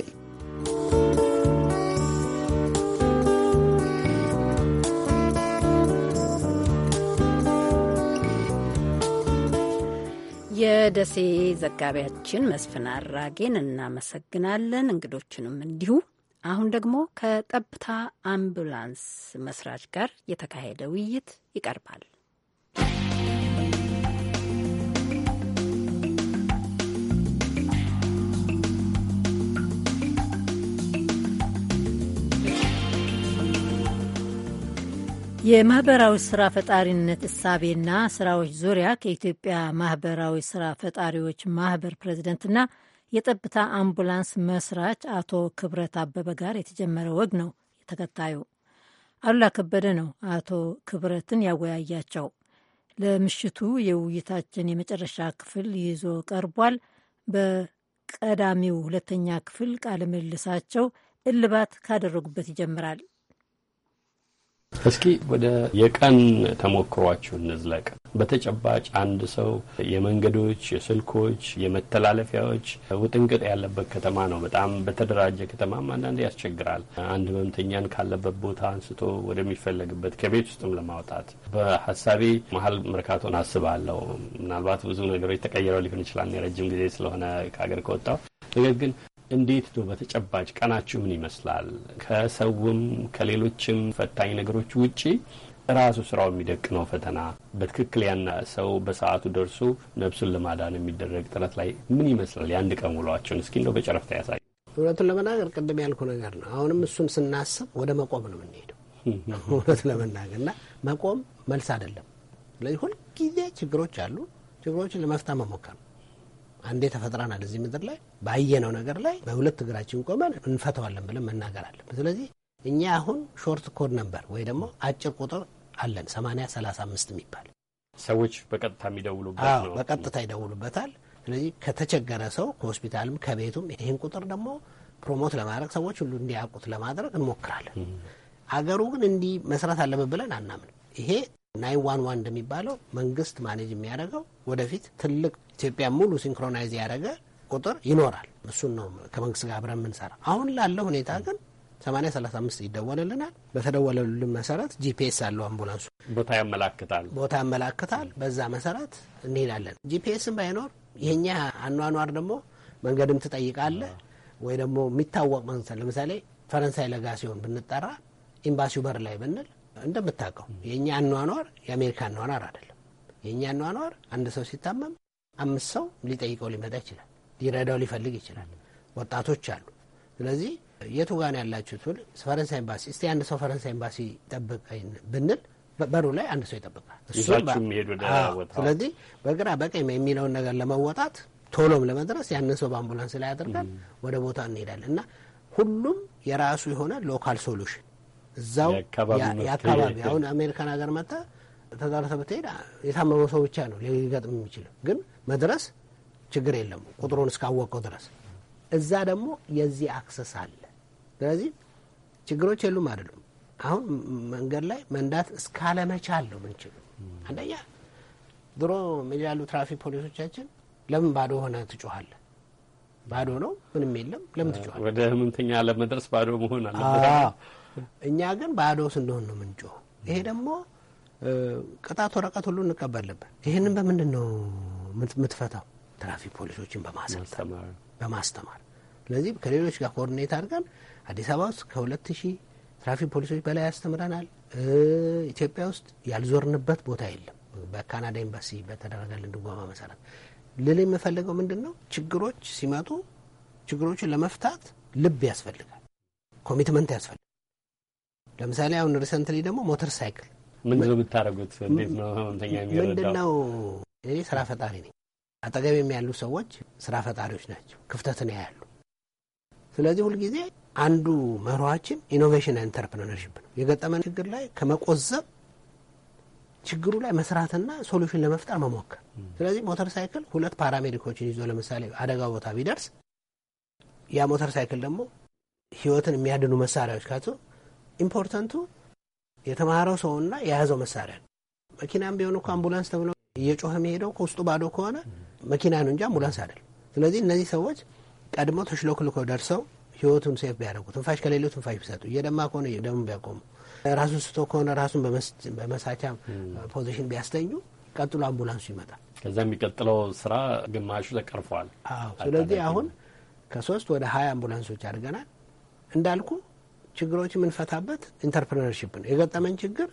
[SPEAKER 1] የደሴ ዘጋቢያችን መስፍን አራጌን እናመሰግናለን፣ እንግዶችንም እንዲሁ። አሁን ደግሞ ከጠብታ አምቡላንስ መስራች ጋር የተካሄደ ውይይት ይቀርባል።
[SPEAKER 2] የማህበራዊ ስራ ፈጣሪነት እሳቤና ስራዎች ዙሪያ ከኢትዮጵያ ማህበራዊ ስራ ፈጣሪዎች ማህበር ፕሬዚደንትና የጠብታ አምቡላንስ መስራች አቶ ክብረት አበበ ጋር የተጀመረ ወግ ነው ተከታዩ። አሉላ ከበደ ነው አቶ ክብረትን ያወያያቸው። ለምሽቱ የውይይታችን የመጨረሻ ክፍል ይዞ ቀርቧል። በቀዳሚው ሁለተኛ ክፍል ቃለ ምልልሳቸው እልባት ካደረጉበት ይጀምራል።
[SPEAKER 17] እስኪ ወደ የቀን ተሞክሯችሁ እንዝለቅ። በተጨባጭ አንድ ሰው የመንገዶች፣ የስልኮች፣ የመተላለፊያዎች ውጥንቅጥ ያለበት ከተማ ነው። በጣም በተደራጀ ከተማም አንዳንድ ያስቸግራል። አንድ ህመምተኛን ካለበት ቦታ አንስቶ ወደሚፈለግበት ከቤት ውስጥም ለማውጣት በሀሳቤ መሀል መርካቶን አስባለሁ። ምናልባት ብዙ ነገሮች ተቀይረው ሊሆን ይችላል የረጅም ጊዜ ስለሆነ ከሀገር ከወጣው ነገር ግን እንዴት ነው በተጨባጭ ቀናችሁ ምን ይመስላል? ከሰውም ከሌሎችም ፈታኝ ነገሮች ውጪ ራሱ ስራው የሚደቅ ነው ፈተና በትክክል ያና ሰው በሰዓቱ ደርሶ ነፍሱን ለማዳን የሚደረግ ጥረት ላይ ምን ይመስላል? የአንድ ቀን ውሏቸውን እስኪ እንደው በጨረፍታ ያሳይ።
[SPEAKER 8] እውነቱን ለመናገር ቅድም ያልኩ ነገር ነው። አሁንም እሱን ስናስብ ወደ መቆም ነው የምንሄደው። እውነት ለመናገር እና መቆም መልስ አይደለም። ስለዚህ ሁልጊዜ ችግሮች አሉ። ችግሮችን ለመፍታ መሞከር ነው አንዴ ተፈጥረናል እዚህ ምድር ላይ ባየነው ነገር ላይ በሁለት እግራችን ቆመን እንፈተዋለን ብለን መናገር አለን። ስለዚህ እኛ አሁን ሾርት ኮድ ነበር ወይ ደግሞ አጭር ቁጥር አለን 80
[SPEAKER 17] 35 የሚባል ሰዎች በቀጥታ የሚደውሉበት ነው። በቀጥታ
[SPEAKER 8] ይደውሉበታል። ስለዚህ ከተቸገረ ሰው ከሆስፒታልም ከቤቱም ይህን ቁጥር ደግሞ ፕሮሞት ለማድረግ ሰዎች ሁሉ እንዲያውቁት ለማድረግ እንሞክራለን። አገሩ ግን እንዲህ መስራት አለበት ብለን አናምንም። ይሄ ናይን ዋን ዋን እንደሚባለው መንግስት ማኔጅ የሚያደርገው ወደፊት ትልቅ ኢትዮጵያ ሙሉ ሲንክሮናይዝ ያደረገ ቁጥር ይኖራል። እሱን ነው ከመንግስት ጋር አብረን የምንሰራ። አሁን ላለው ሁኔታ ግን 835 ይደወልልናል። በተደወለልን መሰረት ጂፒኤስ አለው አምቡላንሱ
[SPEAKER 17] ቦታ ያመላክታል
[SPEAKER 8] ቦታ ያመላክታል። በዛ መሰረት እንሄዳለን። ጂፒኤስን ባይኖር የኛ አኗኗር ደግሞ መንገድም ትጠይቃለ ወይ ደግሞ የሚታወቅ መንሰል ለምሳሌ ፈረንሳይ ለጋ ሲሆን ብንጠራ ኤምባሲው በር ላይ ብንል እንደምታውቀው የእኛ አኗኗር የአሜሪካ አኗኗር አይደለም። የእኛ አኗኗር አንድ ሰው ሲታመም አምስት ሰው ሊጠይቀው ሊመጣ ይችላል። ሊረዳው ሊፈልግ ይችላል። ወጣቶች አሉ። ስለዚህ የቱ ጋን ያላችሁት ብል ፈረንሳይ ኤምባሲ፣ እስቲ አንድ ሰው ፈረንሳይ ኤምባሲ ጠብቅ ብንል በሩ ላይ አንድ ሰው ይጠብቃል። ስለዚህ በግራ በቀኝ የሚለውን ነገር ለመወጣት ቶሎም ለመድረስ ያንን ሰው በአምቡላንስ ላይ አድርጋል ወደ ቦታ እንሄዳለን እና ሁሉም የራሱ የሆነ ሎካል ሶሉሽን እዛው የአካባቢ አሁን አሜሪካን ሀገር መታ ተጋርተ ብትሄድ የታመመ ሰው ብቻ ነው ሊገጥም የሚችለው። ግን መድረስ ችግር የለም ቁጥሩን እስካወቀው ድረስ እዛ ደግሞ የዚህ አክሰስ አለ። ስለዚህ ችግሮች የሉም አይደሉም። አሁን መንገድ ላይ መንዳት እስካለመቻል ነው ምንችሉ። አንደኛ ድሮ ያሉ ትራፊክ ፖሊሶቻችን ለምን ባዶ ሆነ ትጮኋለ? ባዶ ነው ምንም የለም ለምን ትጮኋለ?
[SPEAKER 17] ወደ ህመምተኛ ለመድረስ ባዶ መሆን አለ።
[SPEAKER 8] እኛ ግን ባዶ ስንሆን ነው ምንጮ። ይሄ ደግሞ ቅጣት ወረቀት ሁሉ እንቀበልብን። ይህንን በምንድን ነው የምትፈታው? ትራፊክ ፖሊሶችን
[SPEAKER 17] በማሰልጠን
[SPEAKER 8] በማስተማር። ስለዚህ ከሌሎች ጋር ኮኦርዲኔት አድርገን አዲስ አበባ ውስጥ ከሁለት ሺህ ትራፊክ ፖሊሶች በላይ ያስተምረናል። ኢትዮጵያ ውስጥ ያልዞርንበት ቦታ የለም። በካናዳ ኤምባሲ በተደረገልን ድጎማ መሰረት ልል የምፈልገው ምንድን ነው፣ ችግሮች ሲመጡ ችግሮችን ለመፍታት ልብ ያስፈልጋል፣ ኮሚትመንት ያስፈልጋል። ለምሳሌ አሁን ሪሰንትሊ ደግሞ ሞተር ሳይክል
[SPEAKER 17] ምንድን ነው የምታደርጉት?
[SPEAKER 12] እንዴት ነው ህመምተኛ የሚረዳው? ምንድን ነው
[SPEAKER 8] እኔ ስራ ፈጣሪ ነኝ። አጠገቤም ያሉ ሰዎች ስራ ፈጣሪዎች ናቸው፣ ክፍተትን ያያሉ። ስለዚህ ሁልጊዜ አንዱ መርኋችን ኢኖቬሽን ኤንተርፕረነርሽፕ ነው። የገጠመን ችግር ላይ ከመቆዘብ ችግሩ ላይ መስራትና ሶሉሽን ለመፍጠር መሞከር። ስለዚህ ሞተር ሳይክል ሁለት ፓራሜዲኮችን ይዞ ለምሳሌ አደጋ ቦታ ቢደርስ ያ ሞተር ሳይክል ደግሞ ህይወትን የሚያድኑ መሳሪያዎች ካቶ ኢምፖርታንቱ የተማረው ሰውና የያዘው መሳሪያ ነው። መኪናም ቢሆን እኮ አምቡላንስ ተብሎ እየጮኸ የሚሄደው ከውስጡ ባዶ ከሆነ መኪና ነው እንጂ አምቡላንስ አይደለም። ስለዚህ እነዚህ ሰዎች ቀድሞ ተሽሎክልኮ ደርሰው ህይወቱን ሴፍ ቢያደርጉ፣ ትንፋሽ ከሌለው ትንፋሽ ቢሰጡ፣ እየደማ ከሆነ እየደሙ ቢያቆሙ፣ ራሱን ስቶ ከሆነ ራሱን በመሳቻ ፖዚሽን ቢያስተኙ፣ ቀጥሎ አምቡላንሱ ይመጣል።
[SPEAKER 17] ከዛ የሚቀጥለው ስራ ግማሹ ተቀርፏል።
[SPEAKER 8] ስለዚህ አሁን ከሶስት ወደ ሀያ አምቡላንሶች አድርገናል እንዳልኩ ችግሮች የምንፈታበት ኢንተርፕርነርሽፕ ነው። የገጠመን ችግር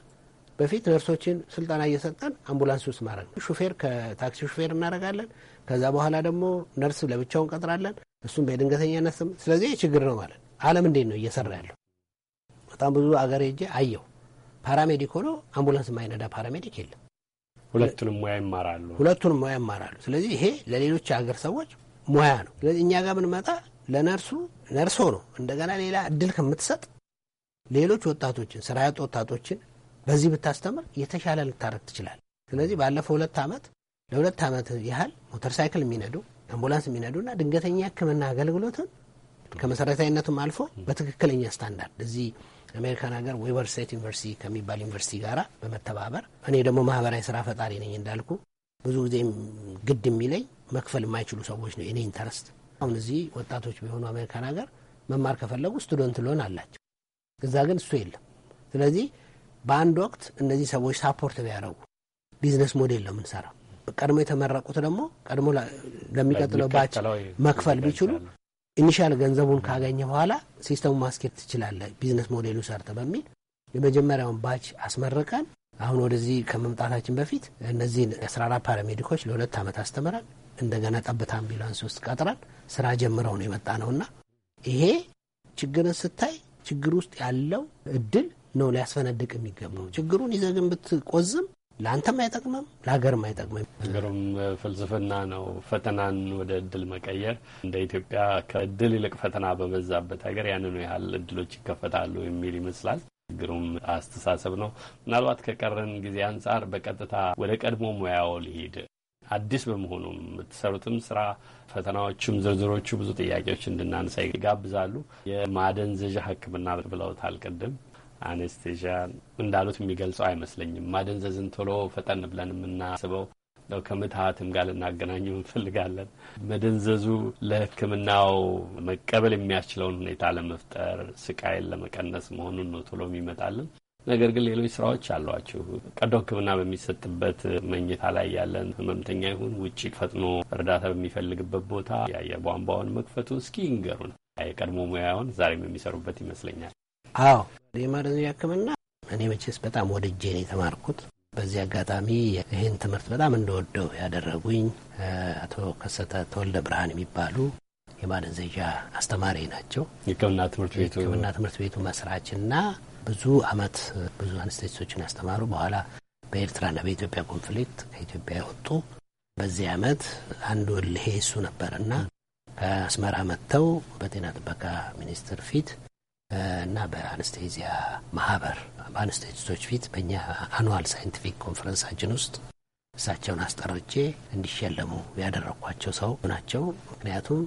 [SPEAKER 8] በፊት ነርሶችን ስልጠና እየሰጠን አምቡላንስ ውስጥ ማድረግ ነው። ሹፌር ከታክሲ ሹፌር እናደርጋለን። ከዛ በኋላ ደግሞ ነርስ ለብቻው እንቀጥራለን። እሱም በድንገተኛነት ስም። ስለዚህ ችግር ነው ማለት አለም እንዴት ነው እየሰራ ያለው? በጣም ብዙ አገር ሄጄ አየው። ፓራሜዲክ ሆኖ አምቡላንስ የማይነዳ ፓራሜዲክ የለም።
[SPEAKER 17] ሁለቱንም ሙያ ይማራሉ።
[SPEAKER 8] ሁለቱንም ሙያ ይማራሉ። ስለዚህ ይሄ ለሌሎች አገር ሰዎች ሙያ ነው። ስለዚህ እኛ ጋር ብንመጣ ለነርሱ ነርሶ ነው እንደገና ሌላ እድል ከምትሰጥ ሌሎች ወጣቶችን ስራ ያጡ ወጣቶችን በዚህ ብታስተምር የተሻለ ልታረግ ትችላል። ስለዚህ ባለፈው ሁለት ዓመት ለሁለት ዓመት ያህል ሞተርሳይክል የሚነዱ አምቡላንስ የሚነዱና ድንገተኛ ሕክምና አገልግሎትን ከመሰረታዊነቱም አልፎ በትክክለኛ ስታንዳርድ እዚህ አሜሪካን ሀገር ዌበር ስቴት ዩኒቨርሲቲ ከሚባል ዩኒቨርሲቲ ጋር በመተባበር እኔ ደግሞ ማህበራዊ ስራ ፈጣሪ ነኝ እንዳልኩ ብዙ ጊዜም ግድ የሚለኝ መክፈል የማይችሉ ሰዎች ነው የኔ ኢንተረስት። አሁን እዚህ ወጣቶች ቢሆኑ አሜሪካን ሀገር መማር ከፈለጉ ስቱደንት ሎን አላቸው። እዛ ግን እሱ የለም። ስለዚህ በአንድ ወቅት እነዚህ ሰዎች ሳፖርት ቢያደረጉ ቢዝነስ ሞዴል ነው የምንሰራ። ቀድሞ የተመረቁት ደግሞ ቀድሞ ለሚቀጥለው ባች መክፈል ቢችሉ ኢኒሻል ገንዘቡን ካገኘ በኋላ ሲስተሙ ማስኬት ትችላለህ ቢዝነስ ሞዴሉ ሰርተ በሚል የመጀመሪያውን ባች አስመርቀን አሁን ወደዚህ ከመምጣታችን በፊት እነዚህን የአስራ አራት ፓራሜዲኮች ለሁለት ዓመት አስተምረን እንደገና ጠብታ አምቢላንስ ውስጥ ቀጥረን ስራ ጀምረው ነው የመጣ ነውና ይሄ ችግርን ስታይ ችግር ውስጥ ያለው እድል ነው ሊያስፈነድቅ የሚገባው። ችግሩን ይዘህ ግን ብትቆዝም ለአንተም አይጠቅምም፣ ለሀገርም አይጠቅምም።
[SPEAKER 17] ችግሩም ፍልስፍና ነው። ፈተናን ወደ እድል መቀየር እንደ ኢትዮጵያ ከእድል ይልቅ ፈተና በበዛበት ሀገር ያንኑ ያህል እድሎች ይከፈታሉ የሚል ይመስላል። ችግሩም አስተሳሰብ ነው። ምናልባት ከቀረን ጊዜ አንጻር በቀጥታ ወደ ቀድሞ ሙያው ሊሄድ አዲስ በመሆኑ የምትሰሩትም ስራ ፈተናዎቹም ዝርዝሮቹ ብዙ ጥያቄዎች እንድናነሳ ይጋብዛሉ። የማደንዘዣ ሕክምና ብለውታል ቅድም አነስቴዣ እንዳሉት የሚገልጸው አይመስለኝም። ማደንዘዝን ቶሎ ፈጠን ብለን የምናስበው ነው። ከምትሀትም ጋር ልናገናኘው እንፈልጋለን። መደንዘዙ ለሕክምናው መቀበል የሚያስችለውን ሁኔታ ለመፍጠር ስቃይን ለመቀነስ መሆኑን ነው ቶሎ የሚመጣልን። ነገር ግን ሌሎች ስራዎች አሏችሁ። ቀዶ ሕክምና በሚሰጥበት መኝታ ላይ ያለን ህመምተኛ ይሁን ውጭ ፈጥኖ እርዳታ በሚፈልግበት ቦታ የአየር ቧንቧውን መክፈቱ እስኪ ይንገሩን። የቀድሞ ሙያውን ዛሬም የሚሰሩበት ይመስለኛል።
[SPEAKER 8] አዎ፣ የማደንዘዣ ሕክምና እኔ መቼስ በጣም ወድጄ ነው የተማርኩት። በዚህ አጋጣሚ ይህን ትምህርት በጣም እንደወደው ያደረጉኝ አቶ ከሰተ ተወልደ ብርሃን የሚባሉ የማደንዘዣ አስተማሪ ናቸው። ህክምና ትምህርት ቤቱ መስራችና ብዙ አመት ብዙ አንስቴቶችን ያስተማሩ በኋላ በኤርትራና በኢትዮጵያ ኮንፍሊክት ከኢትዮጵያ የወጡ በዚህ አመት አንዱ እልሄ እሱ ነበርና ከአስመራ መጥተው በጤና ጥበቃ ሚኒስቴር ፊት እና በአንስቴዚያ ማህበር በአነስቴዚስቶች ፊት በእኛ አኑዋል ሳይንቲፊክ ኮንፈረንሳችን ውስጥ እሳቸውን አስጠርቼ እንዲሸለሙ ያደረግኳቸው ሰው ናቸው። ምክንያቱም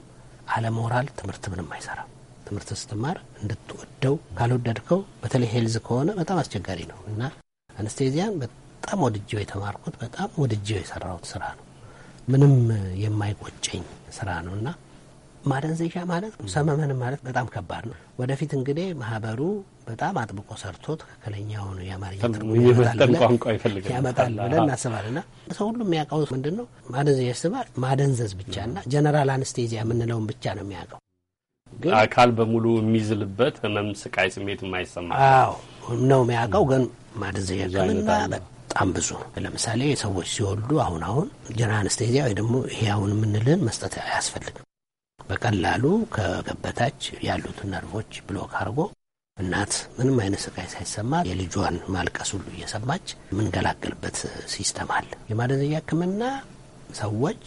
[SPEAKER 8] አለሞራል ትምህርት ምንም አይሰራም። ትምህርት ስትማር እንድትወደው ካልወደድከው፣ በተለይ ሄልዝ ከሆነ በጣም አስቸጋሪ ነው እና አነስቴዚያን በጣም ወድጄው የተማርኩት በጣም ወድጄው የሰራሁት ስራ ነው። ምንም የማይቆጨኝ ስራ ነው እና ማደንዘዣ ማለት ሰመመን ማለት በጣም ከባድ ነው። ወደፊት እንግዲህ ማህበሩ በጣም አጥብቆ ሰርቶ ትክክለኛውን የአማርኛ ትርጉም ያመጣል ብለን ና ሰው ሁሉ የሚያውቀው ምንድን ነው ማደንዘዣ ስባል ማደንዘዝ ብቻ እና ጀነራል አነስቴዚያ የምንለውን ብቻ ነው የሚያውቀው።
[SPEAKER 17] አካል በሙሉ የሚዝልበት ህመም፣ ስቃይ፣ ስሜት የማይሰማ
[SPEAKER 8] ነው የሚያውቀው። ግን
[SPEAKER 17] ማድዘያ ህክምና በጣም ብዙ ለምሳሌ
[SPEAKER 8] ሰዎች ሲወልዱ አሁን አሁን ጀነራል አነስቴዚያ ወይ ደግሞ ይሄ አሁን የምንልህን መስጠት አያስፈልግም። በቀላሉ ከገበታች ያሉትን ነርቮች ብሎክ አድርጎ እናት ምንም አይነት ስቃይ ሳይሰማ የልጇን ማልቀስ ሁሉ እየሰማች የምንገላገልበት ሲስተም አለ። የማደዘያ ህክምና ሰዎች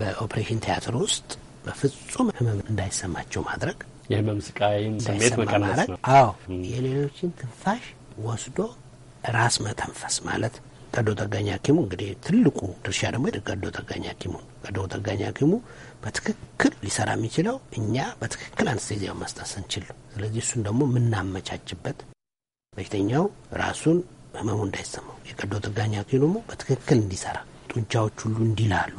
[SPEAKER 8] በኦፕሬሽን ቲያትር ውስጥ በፍጹም ህመም እንዳይሰማቸው ማድረግ የህመም
[SPEAKER 17] ስቃይን ስሜት መቀነስ ነው።
[SPEAKER 8] አዎ የሌሎችን ትንፋሽ ወስዶ ራስ መተንፈስ ማለት ቀዶ ጠጋኝ ሐኪሙ እንግዲህ ትልቁ ድርሻ ደግሞ ቀዶ ጠጋኝ ሐኪሙ ቀዶ ጠጋኝ ሐኪሙ በትክክል ሊሰራ የሚችለው እኛ በትክክል አንስቴዚያውን መስጠት ስንችል፣ ስለዚህ እሱን ደግሞ የምናመቻችበት በሽተኛው ራሱን ህመሙ እንዳይሰማው የቀዶ ጠጋኝ ሐኪሙ በትክክል እንዲሰራ ጡንቻዎች ሁሉ እንዲላሉ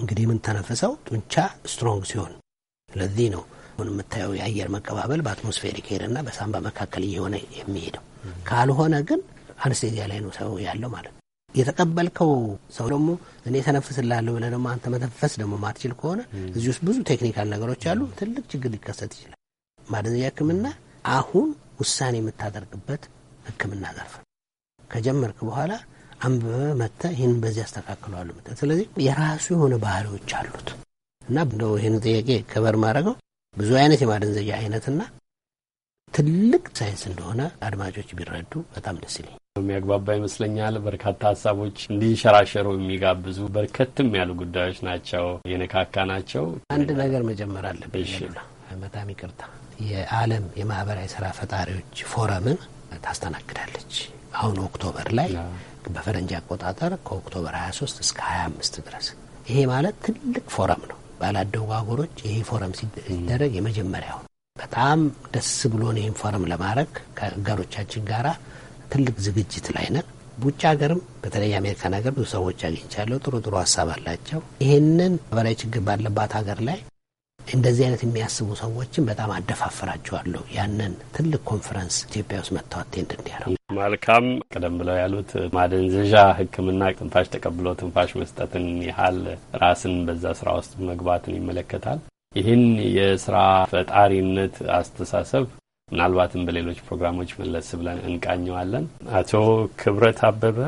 [SPEAKER 8] እንግዲህ የምንተነፍሰው ጡንቻ ስትሮንግ ሲሆን፣ ለዚህ ነው አሁን የምታየው የአየር መቀባበል በአትሞስፌሪክ ሄድና በሳምባ መካከል እየሆነ የሚሄደው። ካልሆነ ግን አንስቴዚያ ላይ ነው ሰው ያለው ማለት ነው። የተቀበልከው ሰው ደግሞ እኔ ተነፍስላለሁ ብለህ ደግሞ አንተ መተንፈስ ደግሞ ማትችል ከሆነ እዚህ ውስጥ ብዙ ቴክኒካል ነገሮች አሉ። ትልቅ ችግር ሊከሰት ይችላል። ማደንዘያ ሕክምና አሁን ውሳኔ የምታደርግበት ሕክምና ዘርፍ ከጀመርክ በኋላ አንብበ መጥተ ይህን በዚህ ያስተካክለዋሉ። ስለዚህ የራሱ የሆነ ባህሪዎች አሉት እና እንደው ይህን ጥያቄ ከበር ማድረገው ብዙ አይነት የማደንዘዣ አይነትና ትልቅ ሳይንስ እንደሆነ አድማጮች ቢረዱ በጣም ደስ ይለኝ
[SPEAKER 17] የሚያግባባ ይመስለኛል። በርካታ ሀሳቦች እንዲንሸራሸሩ የሚጋብዙ በርከትም ያሉ ጉዳዮች ናቸው የነካካ ናቸው።
[SPEAKER 8] አንድ ነገር መጀመር አለብኝ። በጣም ይቅርታ። የዓለም የማህበራዊ ስራ ፈጣሪዎች ፎረምን ታስተናግዳለች አሁን ኦክቶበር ላይ በፈረንጅ አቆጣጠር ከኦክቶበር 23 እስከ 25 ድረስ። ይሄ ማለት ትልቅ ፎረም ነው። ባላደጉ አገሮች ይሄ ፎረም ሲደረግ የመጀመሪያው ነው። በጣም ደስ ብሎን ይህን ፎረም ለማድረግ ከአጋሮቻችን ጋር ትልቅ ዝግጅት ላይ ነን። ውጭ ሀገርም በተለይ አሜሪካን ሀገር ብዙ ሰዎች አግኝቻለሁ። ጥሩ ጥሩ ሀሳብ አላቸው። ይህንን በላይ ችግር ባለባት ሀገር ላይ እንደዚህ አይነት የሚያስቡ ሰዎችን በጣም አደፋፍራቸዋለሁ። ያንን ትልቅ ኮንፈረንስ ኢትዮጵያ ውስጥ መታወቴ እንድንያረው
[SPEAKER 17] መልካም። ቀደም ብለው ያሉት ማደንዘዣ ሕክምና ትንፋሽ ተቀብሎ ትንፋሽ መስጠትን ያህል ራስን በዛ ስራ ውስጥ መግባትን ይመለከታል። ይህን የስራ ፈጣሪነት አስተሳሰብ ምናልባትም በሌሎች ፕሮግራሞች መለስ ብለን እንቃኘዋለን። አቶ ክብረት አበበ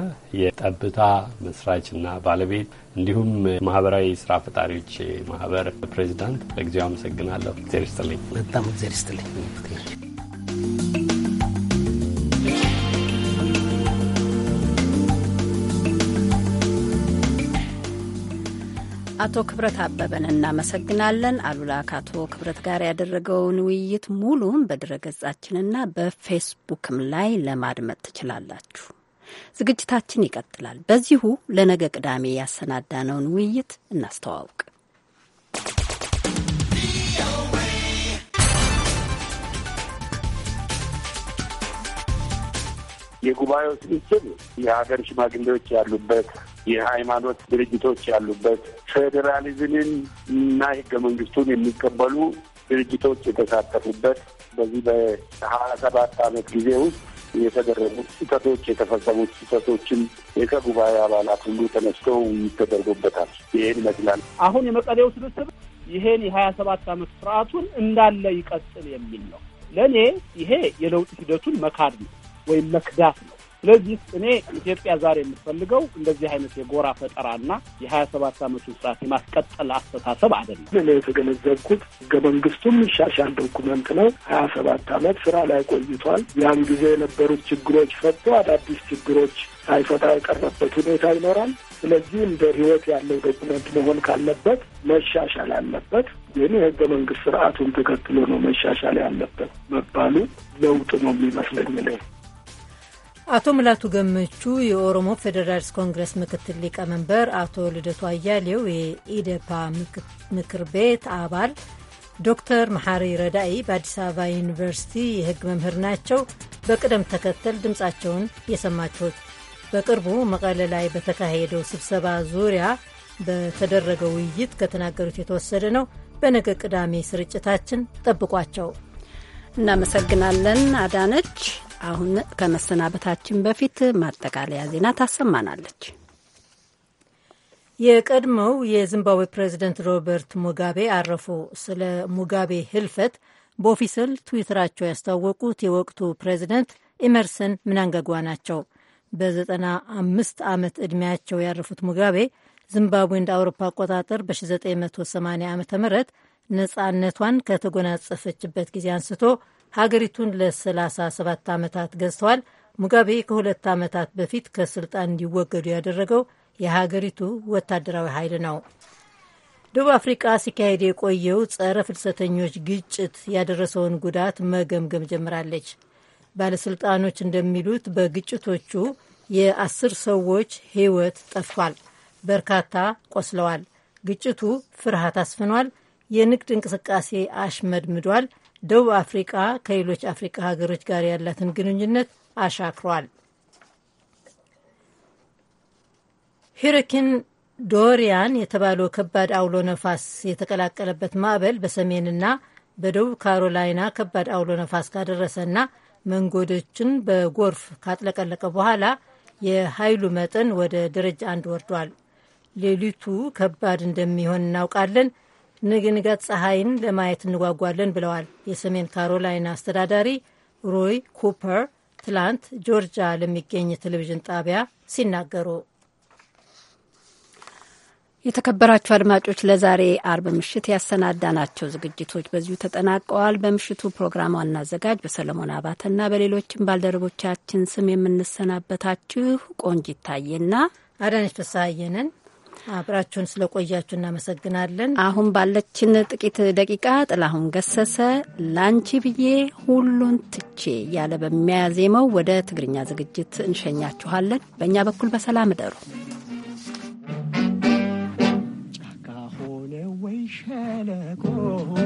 [SPEAKER 17] የጠብታ መስራችና ባለቤት እንዲሁም ማህበራዊ ስራ ፈጣሪዎች ማህበር ፕሬዚዳንት፣ ለጊዜው አመሰግናለሁ። እግዜር ይስጥልኝ። በጣም እግዜር ይስጥልኝ።
[SPEAKER 1] አቶ ክብረት አበበን እናመሰግናለን። አሉላ ከአቶ ክብረት ጋር ያደረገውን ውይይት ሙሉም በድረገጻችንና በፌስቡክም ላይ ለማድመጥ ትችላላችሁ። ዝግጅታችን ይቀጥላል። በዚሁ ለነገ ቅዳሜ ያሰናዳነውን ውይይት እናስተዋውቅ።
[SPEAKER 5] የጉባኤው ስብስብ የሀገር ሽማግሌዎች ያሉበት የሃይማኖት ድርጅቶች ያሉበት ፌዴራሊዝምን እና ህገ መንግስቱን የሚቀበሉ ድርጅቶች የተሳተፉበት በዚህ በሀያ ሰባት አመት ጊዜ ውስጥ የተደረጉ ስህተቶች የተፈጸሙት ስህተቶችን የከጉባኤ አባላት ሁሉ ተነስተው ይተደርጉበታል። ይህን ይመስላል።
[SPEAKER 10] አሁን የመቀሌው
[SPEAKER 14] ስብስብ ይሄን የሀያ ሰባት አመት ስርዓቱን እንዳለ ይቀጥል የሚል ነው። ለእኔ ይሄ የለውጥ ሂደቱን መካድ ነው። ወይም መክዳት ነው። ስለዚህ እኔ ኢትዮጵያ ዛሬ የምትፈልገው እንደዚህ አይነት የጎራ ፈጠራና የሀያ ሰባት ዓመቱን ስርዓት የማስቀጠል አስተሳሰብ አይደለም። እኔ የተገነዘብኩት ህገ መንግስቱም ይሻሻል ዶኩመንት ነው። ሀያ ሰባት
[SPEAKER 5] ዓመት ስራ ላይ ቆይቷል። ያን ጊዜ የነበሩት ችግሮች ፈቶ አዳዲስ ችግሮች ሳይፈታ የቀረበት ሁኔታ ይኖራል። ስለዚህ እንደ ህይወት ያለው ዶኩመንት መሆን ካለበት መሻሻል አለበት። ግን የህገ መንግስት ስርዓቱን ተከትሎ ነው መሻሻል ያለበት መባሉ ለውጥ ነው የሚመስለኝ።
[SPEAKER 2] አቶ ምላቱ ገመቹ የኦሮሞ ፌዴራልስ ኮንግረስ ምክትል ሊቀመንበር፣ አቶ ልደቱ አያሌው የኢዴፓ ምክር ቤት አባል፣ ዶክተር መሐሪ ረዳኢ በአዲስ አበባ ዩኒቨርሲቲ የህግ መምህር ናቸው። በቅደም ተከተል ድምፃቸውን የሰማችሁት በቅርቡ መቀለ ላይ በተካሄደው ስብሰባ ዙሪያ በተደረገ ውይይት ከተናገሩት የተወሰደ ነው። በነገ ቅዳሜ ስርጭታችን ጠብቋቸው።
[SPEAKER 1] እናመሰግናለን አዳነች። አሁን ከመሰናበታችን በፊት ማጠቃለያ ዜና ታሰማናለች።
[SPEAKER 2] የቀድሞው የዚምባብዌ ፕሬዚደንት ሮበርት ሙጋቤ አረፉ። ስለ ሙጋቤ ህልፈት በኦፊሴል ትዊተራቸው ያስታወቁት የወቅቱ ፕሬዚደንት ኢመርሰን ምናንገጓ ናቸው። በዘጠና አምስት ዓመት ዕድሜያቸው ያረፉት ሙጋቤ ዚምባብዌ እንደ አውሮፓ አቆጣጠር በ1980 ዓ ም ነፃነቷን ከተጎናጸፈችበት ጊዜ አንስቶ ሀገሪቱን ለ37 ዓመታት ገዝተዋል። ሙጋቤ ከሁለት ዓመታት በፊት ከስልጣን እንዲወገዱ ያደረገው የሀገሪቱ ወታደራዊ ኃይል ነው። ደቡብ አፍሪቃ ሲካሄድ የቆየው ጸረ ፍልሰተኞች ግጭት ያደረሰውን ጉዳት መገምገም ጀምራለች። ባለሥልጣኖች እንደሚሉት በግጭቶቹ የአስር ሰዎች ሕይወት ጠፍቷል፣ በርካታ ቆስለዋል። ግጭቱ ፍርሃት አስፍኗል፣ የንግድ እንቅስቃሴ አሽመድምዷል፣ ደቡብ አፍሪቃ ከሌሎች አፍሪቃ ሀገሮች ጋር ያላትን ግንኙነት አሻክሯል። ሂሪኪን ዶሪያን የተባለው ከባድ አውሎ ነፋስ የተቀላቀለበት ማዕበል በሰሜንና በደቡብ ካሮላይና ከባድ አውሎ ነፋስ ካደረሰና መንገዶችን በጎርፍ ካጥለቀለቀ በኋላ የኃይሉ መጠን ወደ ደረጃ አንድ ወርዷል። ሌሊቱ ከባድ እንደሚሆን እናውቃለን። ነገ ንጋት ፀሐይን ለማየት እንጓጓለን ብለዋል የሰሜን ካሮላይና አስተዳዳሪ ሮይ ኩፐር ትላንት ጆርጂያ ለሚገኝ ቴሌቪዥን ጣቢያ ሲናገሩ።
[SPEAKER 1] የተከበራችሁ አድማጮች ለዛሬ አርብ ምሽት ያሰናዳናቸው ዝግጅቶች በዚሁ ተጠናቀዋል። በምሽቱ ፕሮግራም ዋና አዘጋጅ በሰለሞን አባተና በሌሎችም ባልደረቦቻችን ስም የምንሰናበታችሁ ቆንጅ ይታየና አዳነች ፍስሐዬ ነን። አብራችሁን ስለቆያችሁ እናመሰግናለን። አሁን ባለችን ጥቂት ደቂቃ ጥላሁን ገሰሰ ላንቺ ብዬ ሁሉን ትቼ እያለ በሚያዜመው ወደ ትግርኛ ዝግጅት እንሸኛችኋለን። በእኛ በኩል በሰላም እደሩ። ጫካ ሆነ ወይ
[SPEAKER 13] ሸለቆ